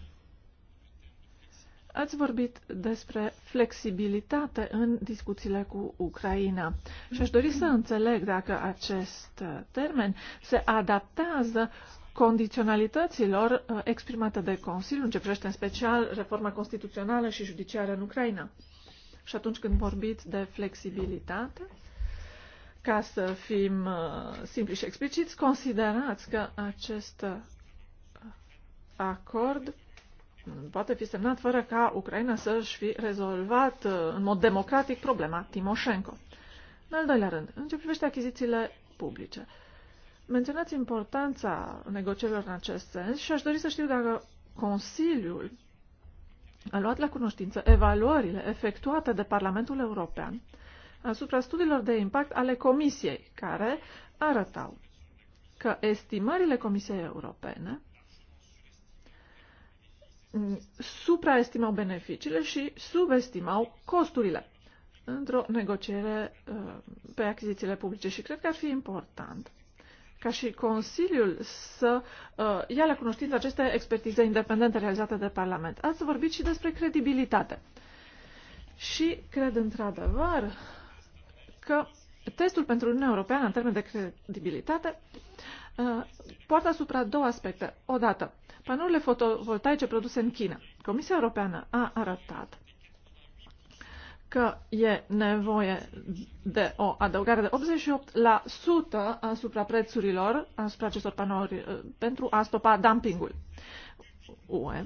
Ați vorbit despre flexibilitate în discuțiile cu Ucraina și aș dori să înțeleg dacă acest uh, termen se adaptează condiționalităților uh, exprimate de Consiliu, în ce privește în special reforma constituțională și judiciară în Ucraina. Și atunci când vorbiți de flexibilitate, ca să fim uh, simpli și expliciți, considerați că acest uh, acord poate fi semnat fără ca Ucraina să-și fi rezolvat uh, în mod democratic problema Timoshenko. În al doilea rând, în ce privește achizițiile publice, menționați importanța negocierilor în acest sens și aș dori să știu dacă Consiliul a luat la cunoștință evaluările efectuate de Parlamentul European asupra studiilor de impact ale Comisiei, care arătau că estimările Comisiei Europene supraestimau beneficiile și subestimau costurile într-o negociere uh, pe achizițiile publice și cred că ar fi important ca și Consiliul să uh, ia la cunoștință aceste expertize independente realizate de Parlament. Ați vorbit și despre credibilitate. Și cred într-adevăr că testul pentru Uniunea Europeană în termen de credibilitate uh, poartă asupra două aspecte. Odată, panourile fotovoltaice produse în China. Comisia Europeană a arătat că e nevoie de o adăugare de 88% asupra prețurilor, asupra acestor panouri, uh, pentru a stopa dumpingul. UE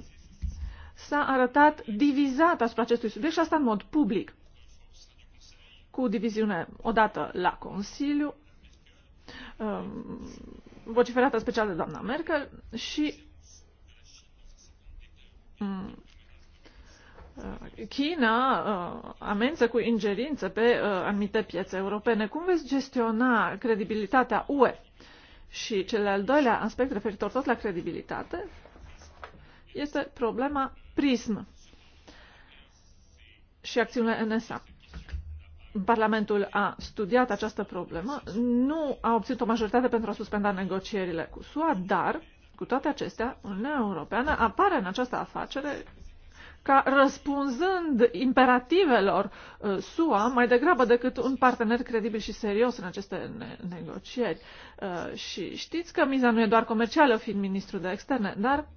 s-a arătat divizat asupra acestui subiect și asta în mod public cu diviziune odată la Consiliu, um, vociferată special de doamna Merkel și um, China uh, amenință cu ingerință pe uh, anumite piețe europene. Cum veți gestiona credibilitatea UE? Și cel al doilea aspect referitor tot la credibilitate este problema prism și acțiunile NSA. Parlamentul a studiat această problemă, nu a obținut o majoritate pentru a suspenda negocierile cu SUA, dar, cu toate acestea, Uniunea Europeană apare în această afacere ca răspunzând imperativelor uh, SUA mai degrabă decât un partener credibil și serios în aceste ne- negocieri. Uh, și știți că miza nu e doar comercială, fiind ministru de externe, dar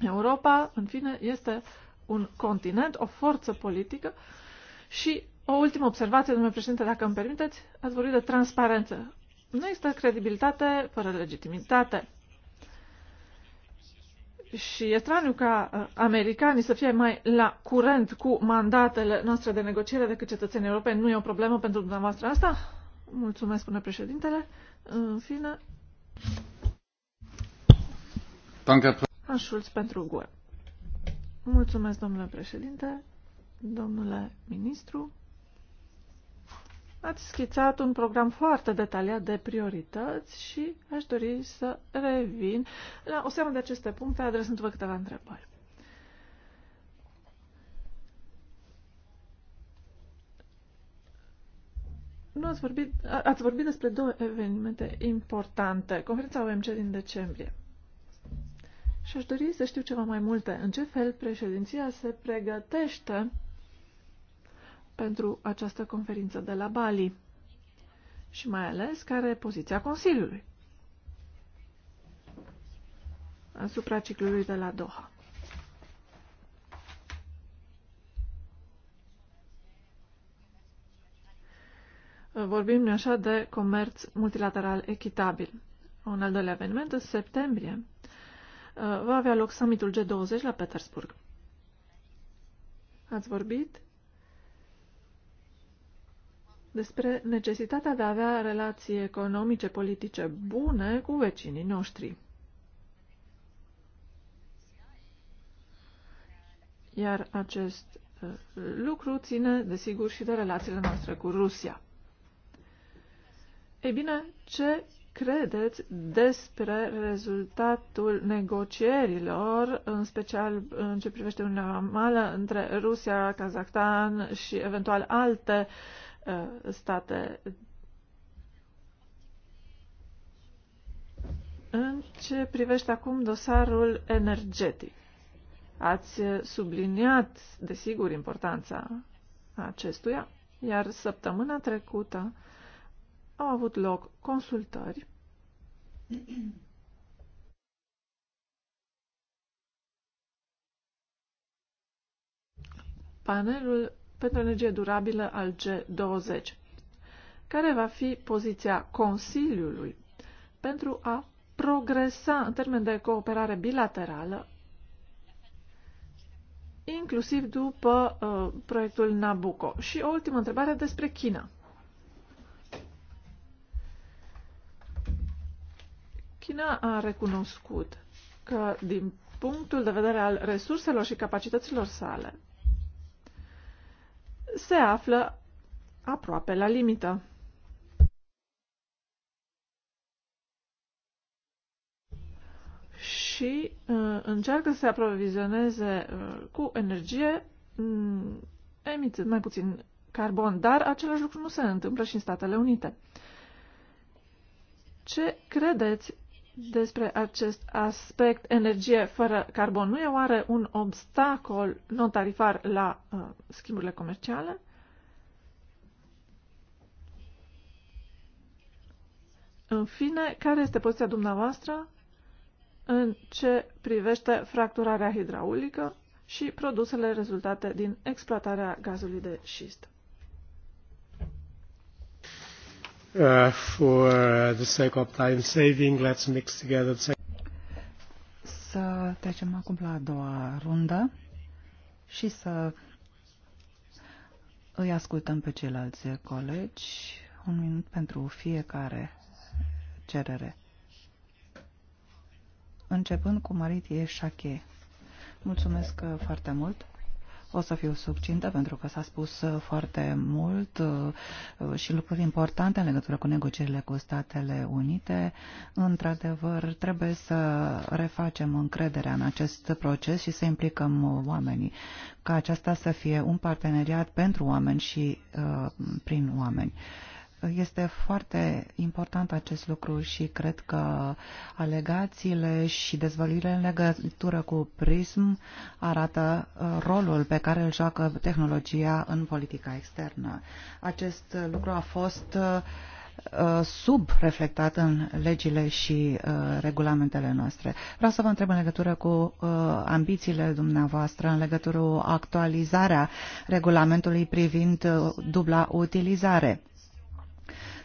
Europa, în fine, este un continent, o forță politică și o ultimă observație, domnule președinte, dacă îmi permiteți, ați vorbit de transparență. Nu există credibilitate fără legitimitate. Și e straniu ca uh, americanii să fie mai la curent cu mandatele noastre de negociere decât cetățenii europeni. Nu e o problemă pentru dumneavoastră asta? Mulțumesc, spune președintele. În fine. Schulz pentru GUE. Mulțumesc, domnule președinte, domnule ministru. Ați schițat un program foarte detaliat de priorități și aș dori să revin la o seamă de aceste puncte, adresându-vă câteva întrebări. Nu ați vorbit, ați vorbit despre două evenimente importante, conferința OMC din decembrie. Și aș dori să știu ceva mai multe. În ce fel președinția se pregătește pentru această conferință de la Bali și mai ales care e poziția Consiliului asupra ciclului de la Doha. Vorbim așa de comerț multilateral echitabil. Un al doilea eveniment în septembrie uh, va avea loc summitul G20 la Petersburg. Ați vorbit despre necesitatea de a avea relații economice, politice bune cu vecinii noștri. Iar acest uh, lucru ține, desigur, și de relațiile noastre cu Rusia. Ei bine, ce credeți despre rezultatul negocierilor, în special în ce privește Uniunea Vamală, între Rusia, Kazakhstan și eventual alte Uh, state. În ce privește acum dosarul energetic, ați subliniat, desigur, importanța acestuia, iar săptămâna trecută au avut loc consultări Panelul pentru energie durabilă al G20. Care va fi poziția Consiliului pentru a progresa în termen de cooperare bilaterală, inclusiv după uh, proiectul Nabucco? Și o ultimă întrebare despre China. China a recunoscut că, din punctul de vedere al resurselor și capacităților sale, se află aproape la limită. și uh, încearcă să se aprovizioneze uh, cu energie um, emițând mai puțin carbon, dar același lucru nu se întâmplă și în Statele Unite. Ce credeți despre acest aspect, energie fără carbon nu e oare un obstacol non-tarifar la uh, schimburile comerciale? În fine, care este poziția dumneavoastră în ce privește fracturarea hidraulică și produsele rezultate din exploatarea gazului de șist? Uh, for the sake of time saving, let's mix together. Să trecem acum la a doua rundă și să îi ascultăm pe ceilalți colegi. Un minut pentru fiecare cerere. Începând cu Maritie Șache. Mulțumesc foarte mult. O să fiu succintă pentru că s-a spus uh, foarte mult uh, uh, și lucruri importante în legătură cu negocierile cu Statele Unite. Într-adevăr, trebuie să refacem încrederea în acest proces și să implicăm oamenii, ca aceasta să fie un parteneriat pentru oameni și uh, prin oameni. Uh, este foarte important acest lucru și cred că alegațiile și dezvăluirile în legătură cu PRISM arată uh, rolul pe care îl joacă tehnologia în politica externă. Acest lucru a fost uh, uh, subreflectat în legile și regulamentele noastre. Vreau să vă întreb în legătură cu ambițiile dumneavoastră, în legătură cu actualizarea regulamentului privind dubla utilizare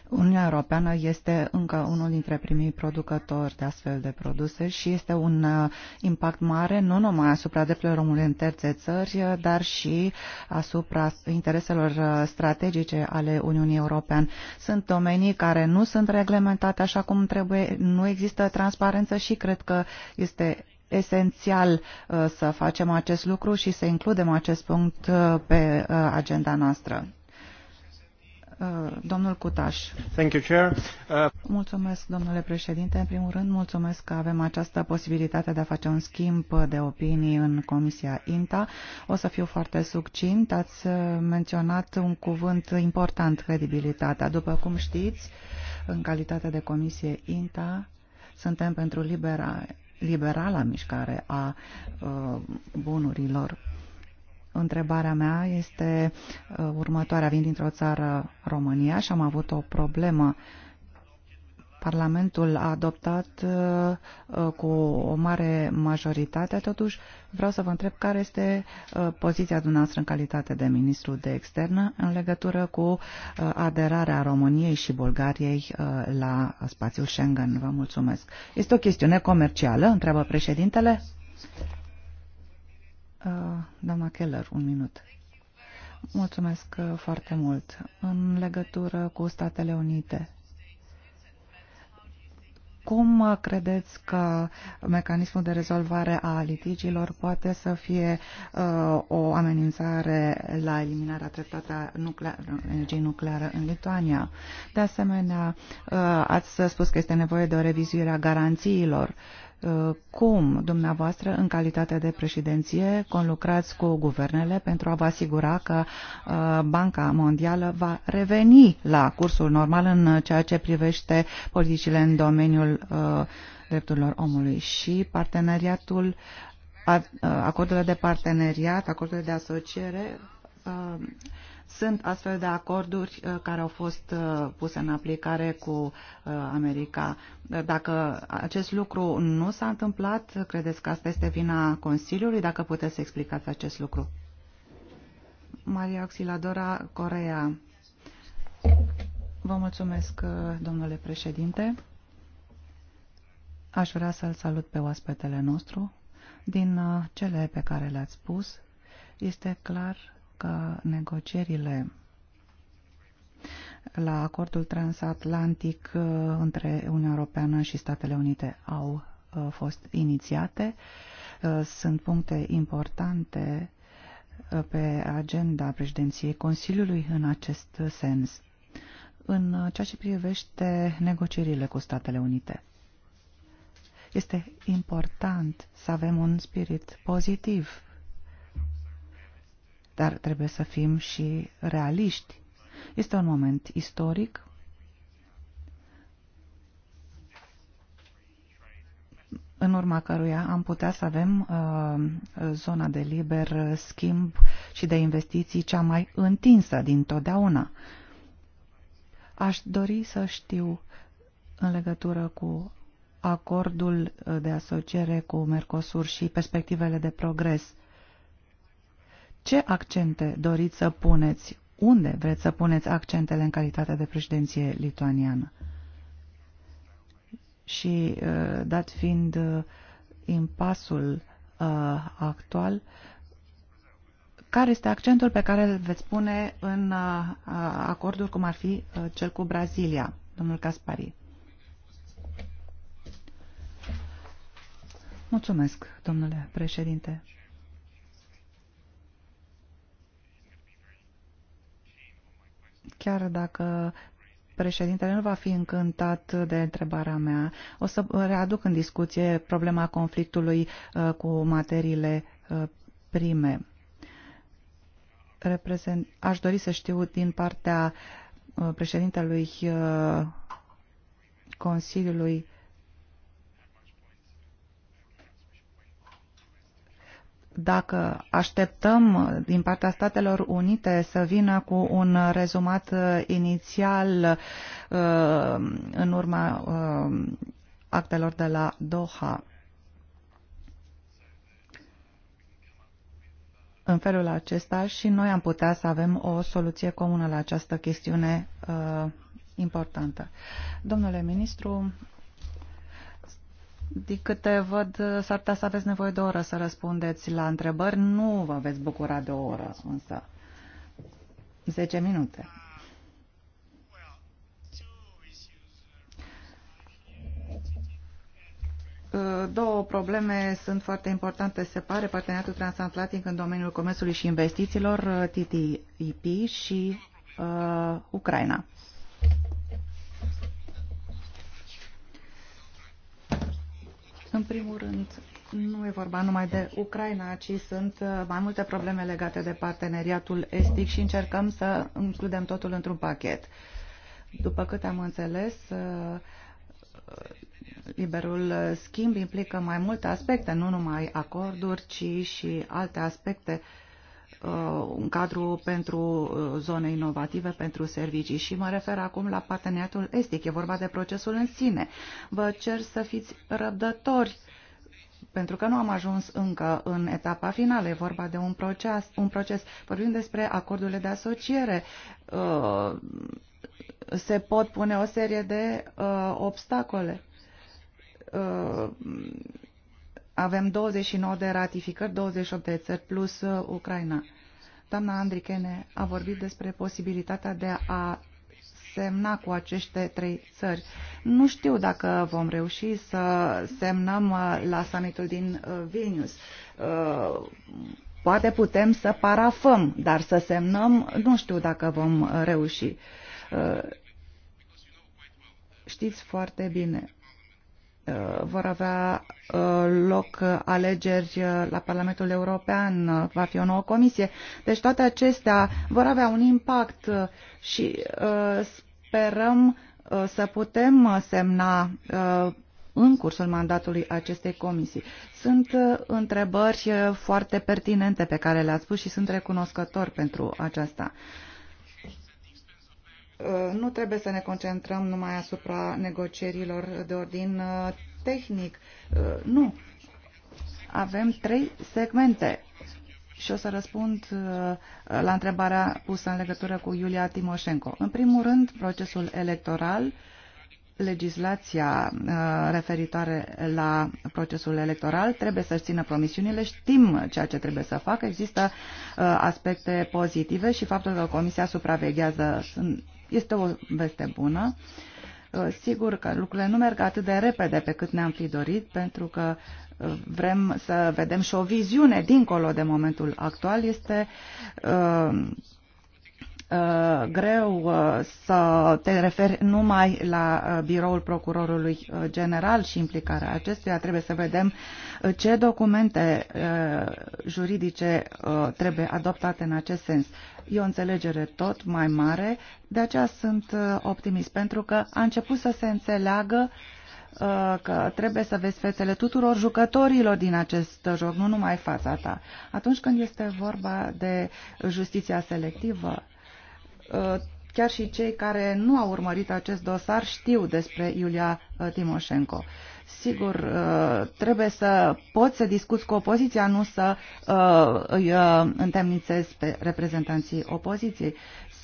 Uniunea Europeană este încă unul dintre primii producători de astfel de produse și este un uh, impact mare nu numai asupra drepturilor omului în terțe țări, uh, dar și asupra intereselor uh, strategice ale Uniunii Europeane. Sunt domenii care nu sunt reglementate așa cum trebuie, nu există transparență și cred că este esențial să facem acest lucru și să includem acest punct pe agenda noastră. Uh, domnul Cutaș. Thank you, Chair. Uh, mulțumesc, domnule președinte. În primul rând, mulțumesc că avem această posibilitate de a face un schimb de opinii în Comisia INTA. O să fiu foarte succint. Ați menționat un cuvânt important, credibilitatea. După cum știți, în calitate de Comisie INTA, suntem pentru libera, liberala mișcare a uh, bunurilor Întrebarea mea este uh, următoarea. Vin dintr-o țară, România, și am avut o problemă. Parlamentul a adoptat uh, uh, cu o mare majoritate, totuși vreau să vă întreb care este poziția dumneavoastră în calitate de ministru de externă în legătură cu aderarea României și Bulgariei la spațiul Schengen. Vă mulțumesc. Este o chestiune comercială, întreabă președintele. Uh, doamna Keller, un minut. Mulțumesc uh, foarte mult. În legătură cu Statele Unite, cum uh, credeți că mecanismul de rezolvare a litigiilor poate să fie uh, o amenințare la eliminarea treptată a nuclear, energiei nucleare în Lituania? De asemenea, uh, ați spus că este nevoie de o revizuire a garanțiilor. Uh, cum dumneavoastră, în calitate de președinție, conlucrați cu guvernele pentru a vă asigura că uh, Banca Mondială va reveni la cursul normal în ceea ce privește politicile în domeniul uh, drepturilor omului și parteneriatul, uh, acordurile de parteneriat, acordurile de asociere sunt astfel de acorduri uh, care au fost uh, puse în aplicare cu uh, America. Dacă acest lucru nu s-a întâmplat, credeți că asta este vina Consiliului? Dacă puteți să explicați acest lucru. Maria Oxiladora Corea. Vă mulțumesc, domnule președinte. Aș vrea să-l salut pe oaspetele nostru. Din cele pe care le-ați spus, este clar că negocierile la acordul transatlantic uh, între Uniunea Europeană și Statele Unite au uh, fost inițiate. Uh, sunt puncte importante pe agenda președinției Consiliului în acest sens, în ceea ce privește negocierile cu Statele Unite. Este important să avem un spirit pozitiv dar trebuie să fim și realiști. Este un moment istoric. în urma căruia am putea să avem uh, zona de liber schimb și de investiții cea mai întinsă din totdeauna. Aș dori să știu în legătură cu acordul uh, de asociere cu Mercosur și perspectivele de progres ce accente doriți să puneți? Unde vreți să puneți accentele în calitate de președinție lituaniană? Și uh, dat fiind uh, impasul uh, actual, care este accentul pe care îl veți pune în acordul cum ar fi cel cu Brazilia, domnul Caspari? Mulțumesc, domnule președinte. Chiar dacă președintele nu va fi încântat de întrebarea mea, o să readuc în discuție problema conflictului uh, cu materiile uh, prime. Reprezent... Aș dori să știu din partea uh, președintelui Consiliului Dacă așteptăm din partea Statelor Unite să vină cu un rezumat uh, inițial uh, în urma uh, actelor de la Doha, în felul acesta și noi am putea să avem o soluție comună la această chestiune importantă. Domnule ministru, din câte văd, s-ar putea să aveți nevoie de o oră să răspundeți la întrebări. Nu vă veți bucura de o oră, însă. 10 minute. Două probleme sunt foarte importante, se pare, parteneriatul transatlantic în domeniul comerțului și investițiilor, TTIP și uh, Ucraina. În primul rând, nu e vorba numai de Ucraina, ci sunt uh, mai multe probleme legate de parteneriatul estic și încercăm să includem totul într-un pachet. După cât am înțeles, uh, uh, liberul schimb implică mai multe aspecte, nu numai acorduri, ci și alte aspecte Uh, un cadru pentru uh, zone inovative, pentru servicii și mă refer acum la parteneriatul estic. E vorba de procesul în sine. Vă cer să fiți răbdători pentru că nu am ajuns încă în etapa finală. E vorba de un proces. Un proces. Vorbim despre acordurile de asociere. Uh, se pot pune o serie de obstacole avem 29 de ratificări, 28 de țări plus uh, Ucraina. Doamna Andrichene a vorbit despre posibilitatea de a semna cu aceste trei țări. Nu știu dacă vom reuși să semnăm uh, la summitul din uh, Vilnius. Poate putem să parafăm, dar să semnăm nu știu dacă vom reuși. Știți foarte bine Uh, vor avea uh, loc uh, alegeri la Parlamentul European, va fi o nouă comisie. Deci toate acestea vor avea un impact și sperăm să putem semna în cursul mandatului acestei comisii. Sunt întrebări foarte pertinente pe care le-ați pus și sunt recunoscător pentru aceasta. Uh, nu trebuie să ne concentrăm numai asupra negocierilor de ordin uh, tehnic. Uh, nu. Avem trei segmente și o să răspund la întrebarea pusă în legătură cu Iulia Timoșenko. În primul rând, procesul electoral, legislația referitoare la procesul electoral trebuie să-și țină promisiunile, știm ceea ce trebuie să facă, există aspecte pozitive și faptul că Comisia supraveghează este o veste bună. Uh, sigur că lucrurile nu merg atât de repede pe cât ne-am fi dorit, pentru că uh, vrem să vedem și o viziune dincolo de momentul actual. Este uh, Uh, greu uh, să te referi numai la uh, biroul procurorului general și implicarea acestuia. Trebuie să vedem ce documente juridice trebuie adoptate în acest sens. E o înțelegere tot mai mare, de aceea sunt optimist, pentru că a început să se înțeleagă că trebuie să vezi fețele tuturor jucătorilor din acest joc, nu numai fața ta. Atunci când este vorba de justiția selectivă, Uh, chiar și cei care nu au urmărit acest dosar știu despre Iulia uh, Timoșenko. Sigur, uh, trebuie să poți să discuți cu opoziția, nu să îi întemnițezi pe reprezentanții opoziției.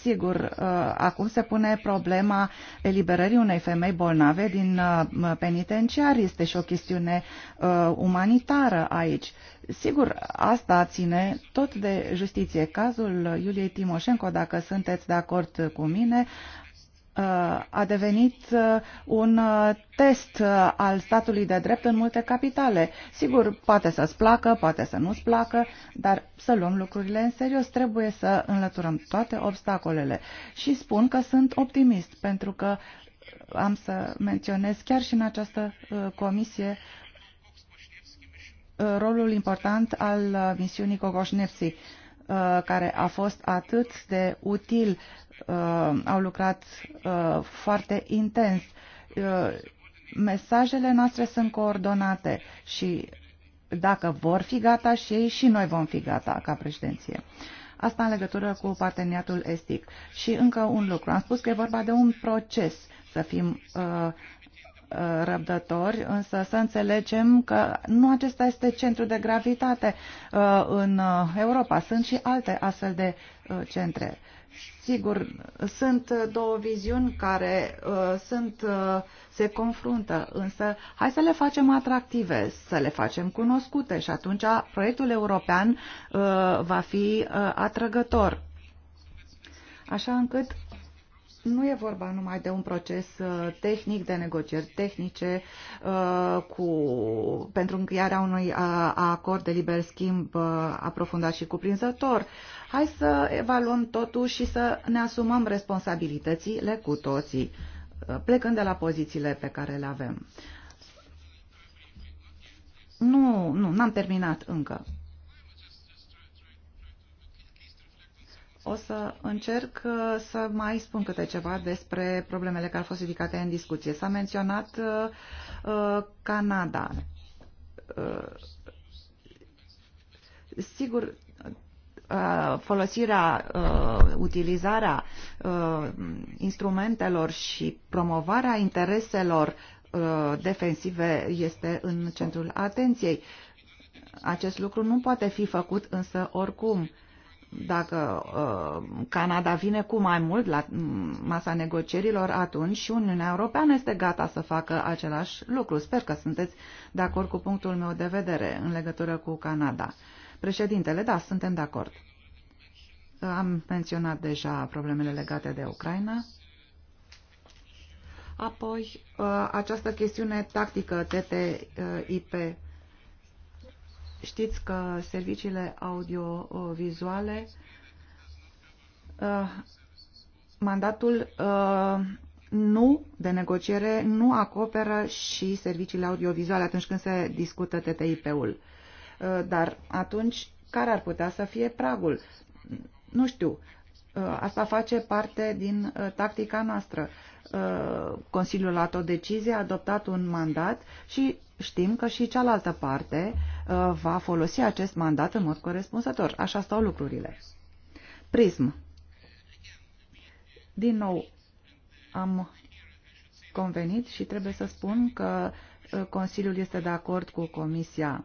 Sigur, uh, acum se pune problema eliberării unei femei bolnave din uh, penitenciar. Este și o chestiune uh, umanitară aici. Sigur, asta ține tot de justiție. Cazul Iuliei Timoșenko, dacă sunteți de acord cu mine, a devenit uh, un uh, test uh, al statului de drept în multe capitale. Sigur, poate să-ți placă, poate să nu-ți placă, dar să luăm lucrurile în serios. Trebuie să înlăturăm toate obstacolele. Și spun că sunt optimist, pentru că am să menționez chiar și în această comisie rolul important al misiunii Cogoșnepsii. Uh, care a fost atât de util. Uh, au lucrat uh, foarte intens. Mesajele noastre sunt coordonate și dacă vor fi gata și ei, și noi vom fi gata ca președinție. Asta în legătură cu parteneriatul estic. Și încă un lucru. Am spus că e vorba de un proces să fim uh, Uh, răbdători, însă să înțelegem că nu acesta este centrul de gravitate uh, în uh, Europa. Sunt și alte astfel de centre. Sigur, sunt două viziuni care sunt, se confruntă, însă hai să le facem atractive, să le facem cunoscute și atunci proiectul european va fi atrăgător. Așa încât nu e vorba numai de un proces uh, tehnic, de negocieri tehnice uh, cu, pentru încheiarea unui uh, acord de liber schimb aprofundat și cuprinzător. Hai să evaluăm totul și să ne asumăm responsabilitățile cu toții, plecând de la pozițiile pe care le avem. Nu, nu, n-am terminat încă. O să încerc uh, să mai spun câte ceva despre problemele care au fost ridicate în discuție. S-a menționat uh, uh, Canada. Sigur, folosirea, utilizarea instrumentelor și promovarea intereselor defensive este în centrul atenției. Acest lucru nu poate fi făcut însă oricum dacă uh, Canada vine cu mai mult la mm, masa negocierilor, atunci și Uniunea Europeană este gata să facă același lucru. Sper că sunteți de acord cu punctul meu de vedere în legătură cu Canada. Președintele, da, suntem de acord. Uh, am menționat deja problemele legate de Ucraina. Apoi, uh, această chestiune tactică TTIP Știți că serviciile audiovizuale uh, mandatul uh, nu de negociere nu acoperă și serviciile audiovizuale atunci când se discută TTIP-ul. Uh, dar atunci care ar putea să fie pragul? Nu știu. Asta face parte din tactica noastră. Consiliul a luat o decizie, a adoptat un mandat și știm că și cealaltă parte Uh, va folosi acest mandat în mod corespunzător. Așa stau lucrurile. Prism. Din nou, am convenit și trebuie să spun că uh, Consiliul este de acord cu Comisia.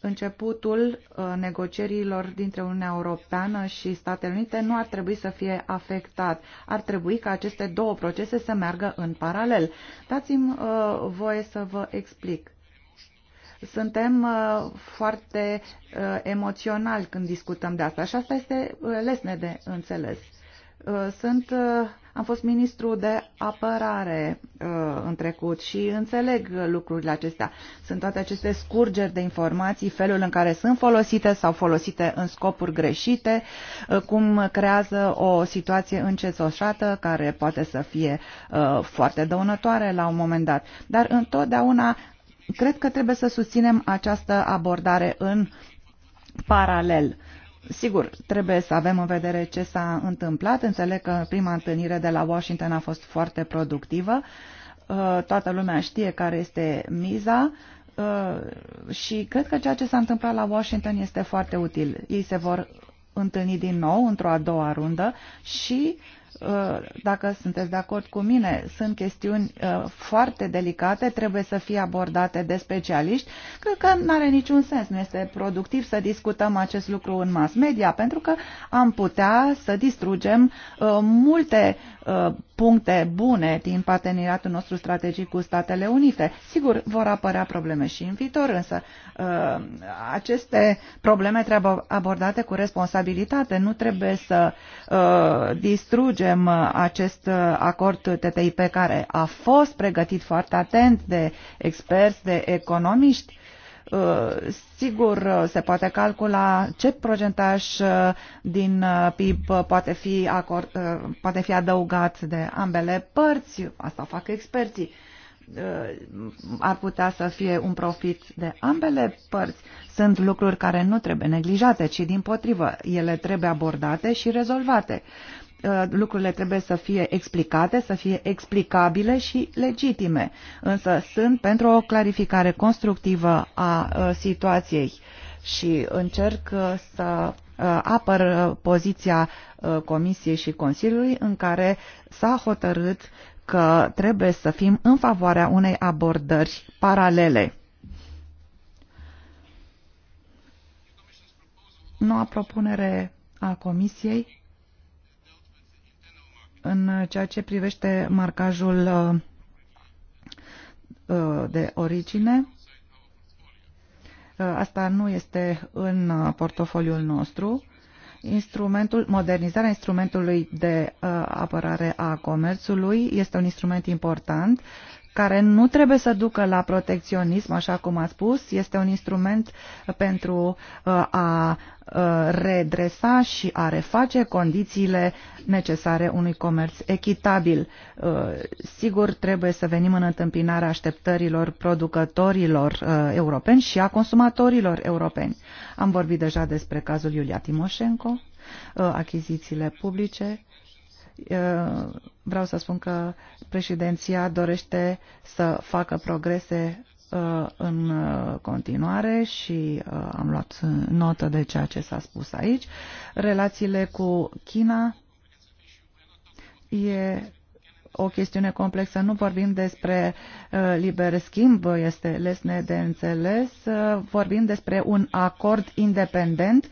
Începutul uh, negocierilor dintre Uniunea Europeană și Statele Unite nu ar trebui să fie afectat. Ar trebui ca aceste două procese să meargă în paralel. Dați-mi voie să vă explic. Suntem uh, foarte uh, emoționali când discutăm de asta și asta este uh, lesne de înțeles. Sunt, am fost ministru de apărare în trecut și înțeleg lucrurile acestea. Sunt toate aceste scurgeri de informații, felul în care sunt folosite sau folosite în scopuri greșite, cum creează o situație încețoșată care poate să fie foarte dăunătoare la un moment dat. Dar întotdeauna Cred că trebuie să susținem această abordare în paralel. Sigur, trebuie să avem în vedere ce s-a întâmplat. Înțeleg că prima întâlnire de la Washington a fost foarte productivă. Uh, toată lumea știe care este miza uh, și cred că ceea ce s-a întâmplat la Washington este foarte util. Ei se vor întâlni din nou într-o a doua rundă și uh, Uh, dacă sunteți de acord cu mine, sunt chestiuni uh, foarte delicate, trebuie să fie abordate de specialiști. Cred că nu are niciun sens, nu este productiv să discutăm acest lucru în mass media, pentru că am putea să distrugem uh, multe puncte bune din parteneriatul nostru strategic cu Statele Unite. Sigur, vor apărea probleme și în viitor, însă aceste probleme trebuie abordate cu responsabilitate. Nu trebuie să distrugem înțelegem uh, acest uh, acord TTIP care a fost pregătit foarte atent de experți, de economiști? Uh, sigur, se poate calcula ce procentaj din PIB poate fi, acord, poate fi adăugat de ambele părți, asta fac experții ar putea să fie un profit de ambele părți. Sunt lucruri care nu trebuie neglijate, ci din potrivă, ele trebuie abordate și rezolvate. Uh, lucrurile trebuie să fie explicate, să fie explicabile și legitime. Însă sunt pentru o clarificare constructivă a uh, situației și încerc uh, să apăr poziția Comisiei și Consiliului în care s-a hotărât că trebuie să fim în favoarea unei abordări paralele. Noua propunere a Comisiei în ceea ce privește marcajul uh, uh, de origine, uh, asta nu este în portofoliul nostru. Instrumentul, modernizarea instrumentului de apărare a comerțului este un instrument important care nu trebuie să ducă la protecționism, așa cum a spus, este un instrument pentru uh, a uh, redresa și a reface condițiile necesare unui comerț echitabil. Uh, sigur, trebuie să venim în întâmpinarea așteptărilor producătorilor europeni și a consumatorilor europeni. Am vorbit deja despre cazul Iulia Timoșenko, achizițiile publice, vreau să spun că Președinția dorește să facă progrese uh, în uh, continuare și uh, am luat notă de ceea ce s-a spus aici. Relațiile cu China e o chestiune complexă. Nu vorbim despre liber schimb, este lesne de înțeles. Vorbim despre un acord independent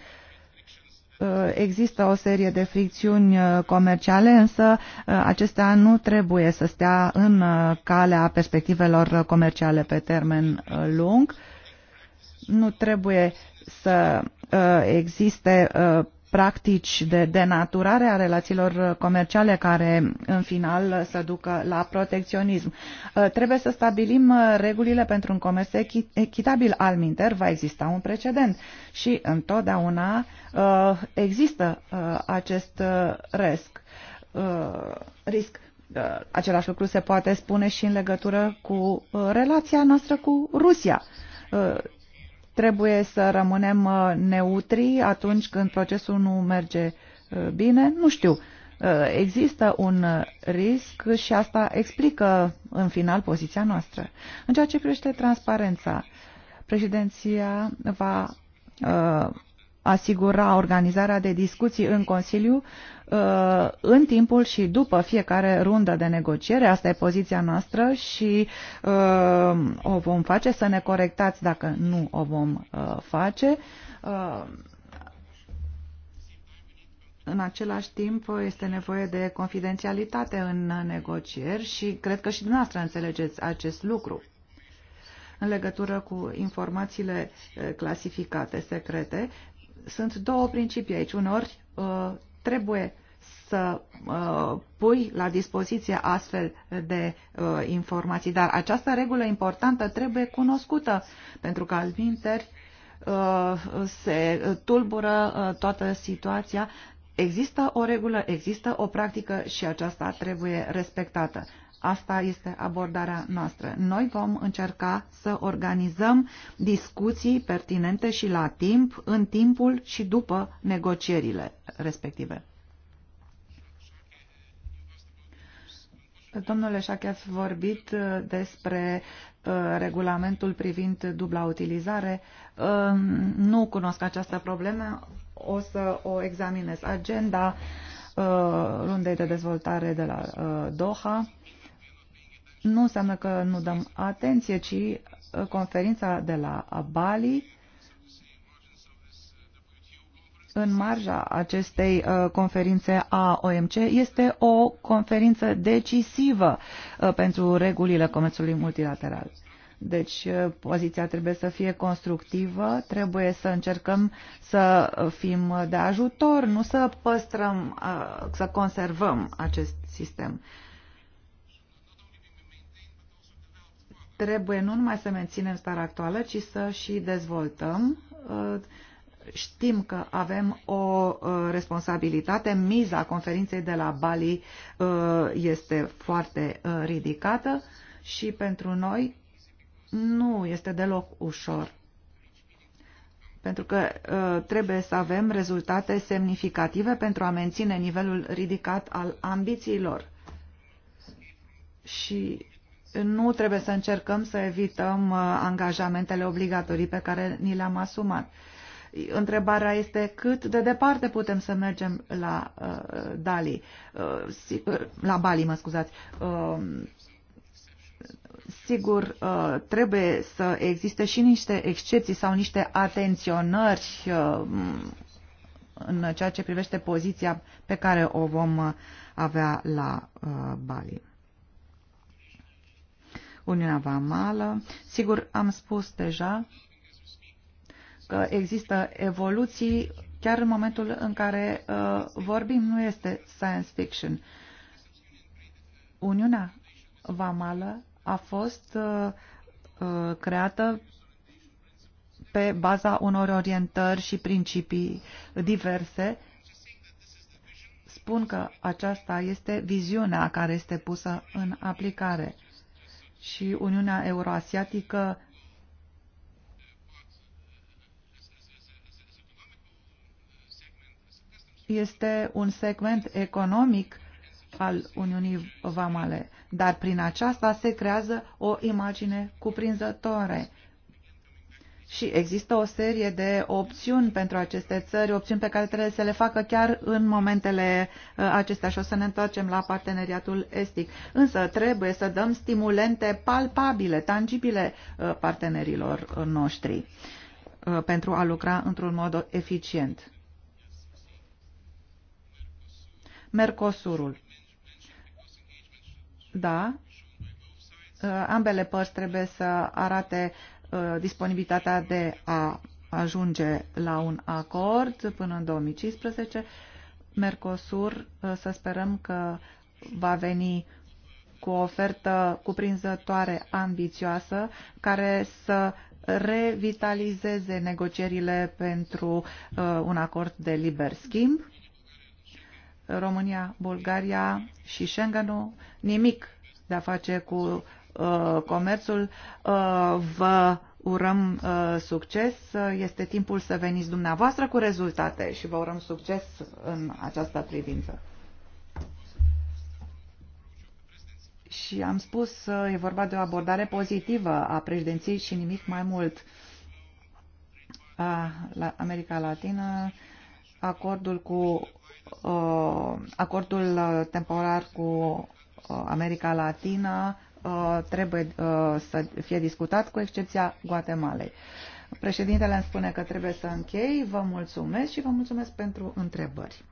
Uh, există o serie de fricțiuni uh, comerciale, însă uh, acestea nu trebuie să stea în calea perspectivelor comerciale pe termen lung. Nu trebuie să existe practici de denaturare a relațiilor comerciale care în final să ducă la protecționism. Uh, trebuie să stabilim uh, regulile pentru un comerț echitabil al minter, va exista un precedent și întotdeauna uh, există acest risc. risc. Același lucru se poate spune și în legătură cu relația noastră cu Rusia Trebuie să rămânem uh, neutri atunci când procesul nu merge uh, bine? Nu știu. Uh, există un risc și asta explică în final poziția noastră. În ceea ce privește transparența, președinția va asigura organizarea de discuții în Consiliu uh, în timpul și după fiecare rundă de negociere. Asta e poziția noastră și uh, o vom face, să ne corectați dacă nu o vom uh, face. În același timp, este nevoie de confidențialitate în negocieri și cred că și dumneavoastră înțelegeți acest lucru în legătură cu informațiile clasificate, secrete sunt două principii aici. Uneori uh, trebuie să uh, pui la dispoziție astfel de uh, informații, dar această regulă importantă trebuie cunoscută, pentru că altminteri se tulbură toată situația. Există o regulă, există o practică și aceasta trebuie respectată. Asta este abordarea noastră. Noi vom încerca să organizăm discuții pertinente și la timp, în timpul și după negocierile respective. Domnule Șache, ați vorbit uh, despre uh, regulamentul privind dubla utilizare. Um, nu cunosc această problemă, o să o examinez. Agenda uh, rundei de dezvoltare de la Doha nu înseamnă că nu dăm atenție, ci uh, conferința de la Bali în marja acestei uh, conferințe a OMC este o conferință decisivă uh, pentru regulile comerțului multilateral. Deci poziția trebuie să fie constructivă, trebuie să încercăm să fim de ajutor, nu să păstrăm, să conservăm acest sistem. trebuie nu numai să menținem starea actuală, ci să și dezvoltăm. Uh, știm că avem o uh, responsabilitate. Miza conferinței de la Bali uh, este foarte ridicată și pentru noi nu este deloc ușor pentru că uh, trebuie să avem rezultate semnificative pentru a menține nivelul ridicat al ambițiilor. Și nu trebuie să încercăm să evităm uh, angajamentele obligatorii pe care ni le-am asumat. Întrebarea este cât de departe putem să mergem la uh, Dali, uh, la Bali, mă scuzați. Uh, sigur, uh, trebuie să existe și niște excepții sau niște atenționări uh, în ceea ce privește poziția pe care o vom uh, avea la uh, Bali. Uniunea Vamală. Sigur, am spus deja că există evoluții chiar în momentul în care uh, vorbim, nu este science fiction. Uniunea Vamală a fost uh, uh creată pe baza unor orientări și principii diverse. Spun că aceasta este viziunea care este pusă în aplicare și Uniunea Euroasiatică este un segment economic al Uniunii Vamale, dar prin aceasta se creează o imagine cuprinzătoare. Și există o serie de opțiuni pentru aceste țări, opțiuni pe care trebuie să le facă chiar în momentele uh, acestea și o să ne întoarcem la parteneriatul estic. Însă trebuie să dăm stimulente palpabile, tangibile uh, partenerilor uh, noștri pentru a lucra într-un mod eficient. Mercosurul. Da, ambele părți trebuie să arate Uh, disponibilitatea de a ajunge la un acord până în 2015. Mercosur, uh, să sperăm că va veni cu o ofertă cuprinzătoare, ambițioasă, care să revitalizeze negocierile pentru uh, un acord de liber schimb. România, Bulgaria și Schengenul, nimic de a face cu Uh, comerțul. Uh, vă urăm uh, succes. Este timpul să veniți dumneavoastră cu rezultate și vă urăm succes în această privință. Și am spus, e vorba de o abordare pozitivă a președinției și nimic mai mult. A, la America Latină, acordul cu acordul temporar cu America Latina Uh, trebuie uh, să fie discutat, cu excepția Guatemalei. Președintele îmi spune că trebuie să închei. Vă mulțumesc și vă mulțumesc pentru întrebări.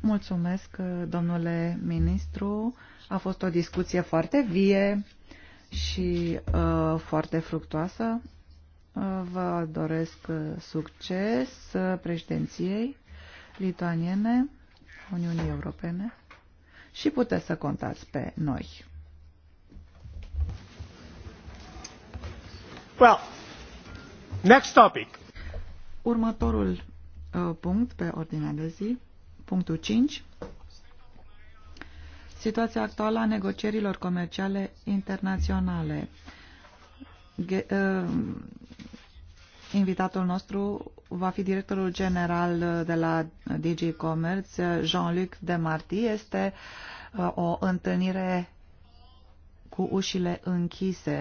Mulțumesc, domnule ministru. A fost o discuție foarte vie și uh, foarte fructoasă. Uh, vă doresc uh, succes președinției lituaniene. Uniunii Europene și puteți să contați pe noi. Well, next topic. Următorul uh, punct pe ordinea de zi, punctul 5, situația actuală a negocierilor comerciale internaționale. Ge, uh, invitatul nostru va fi directorul general uh, de la uh, DG Commerce, uh, Jean-Luc Demarti. Este o întâlnire cu ușile închise.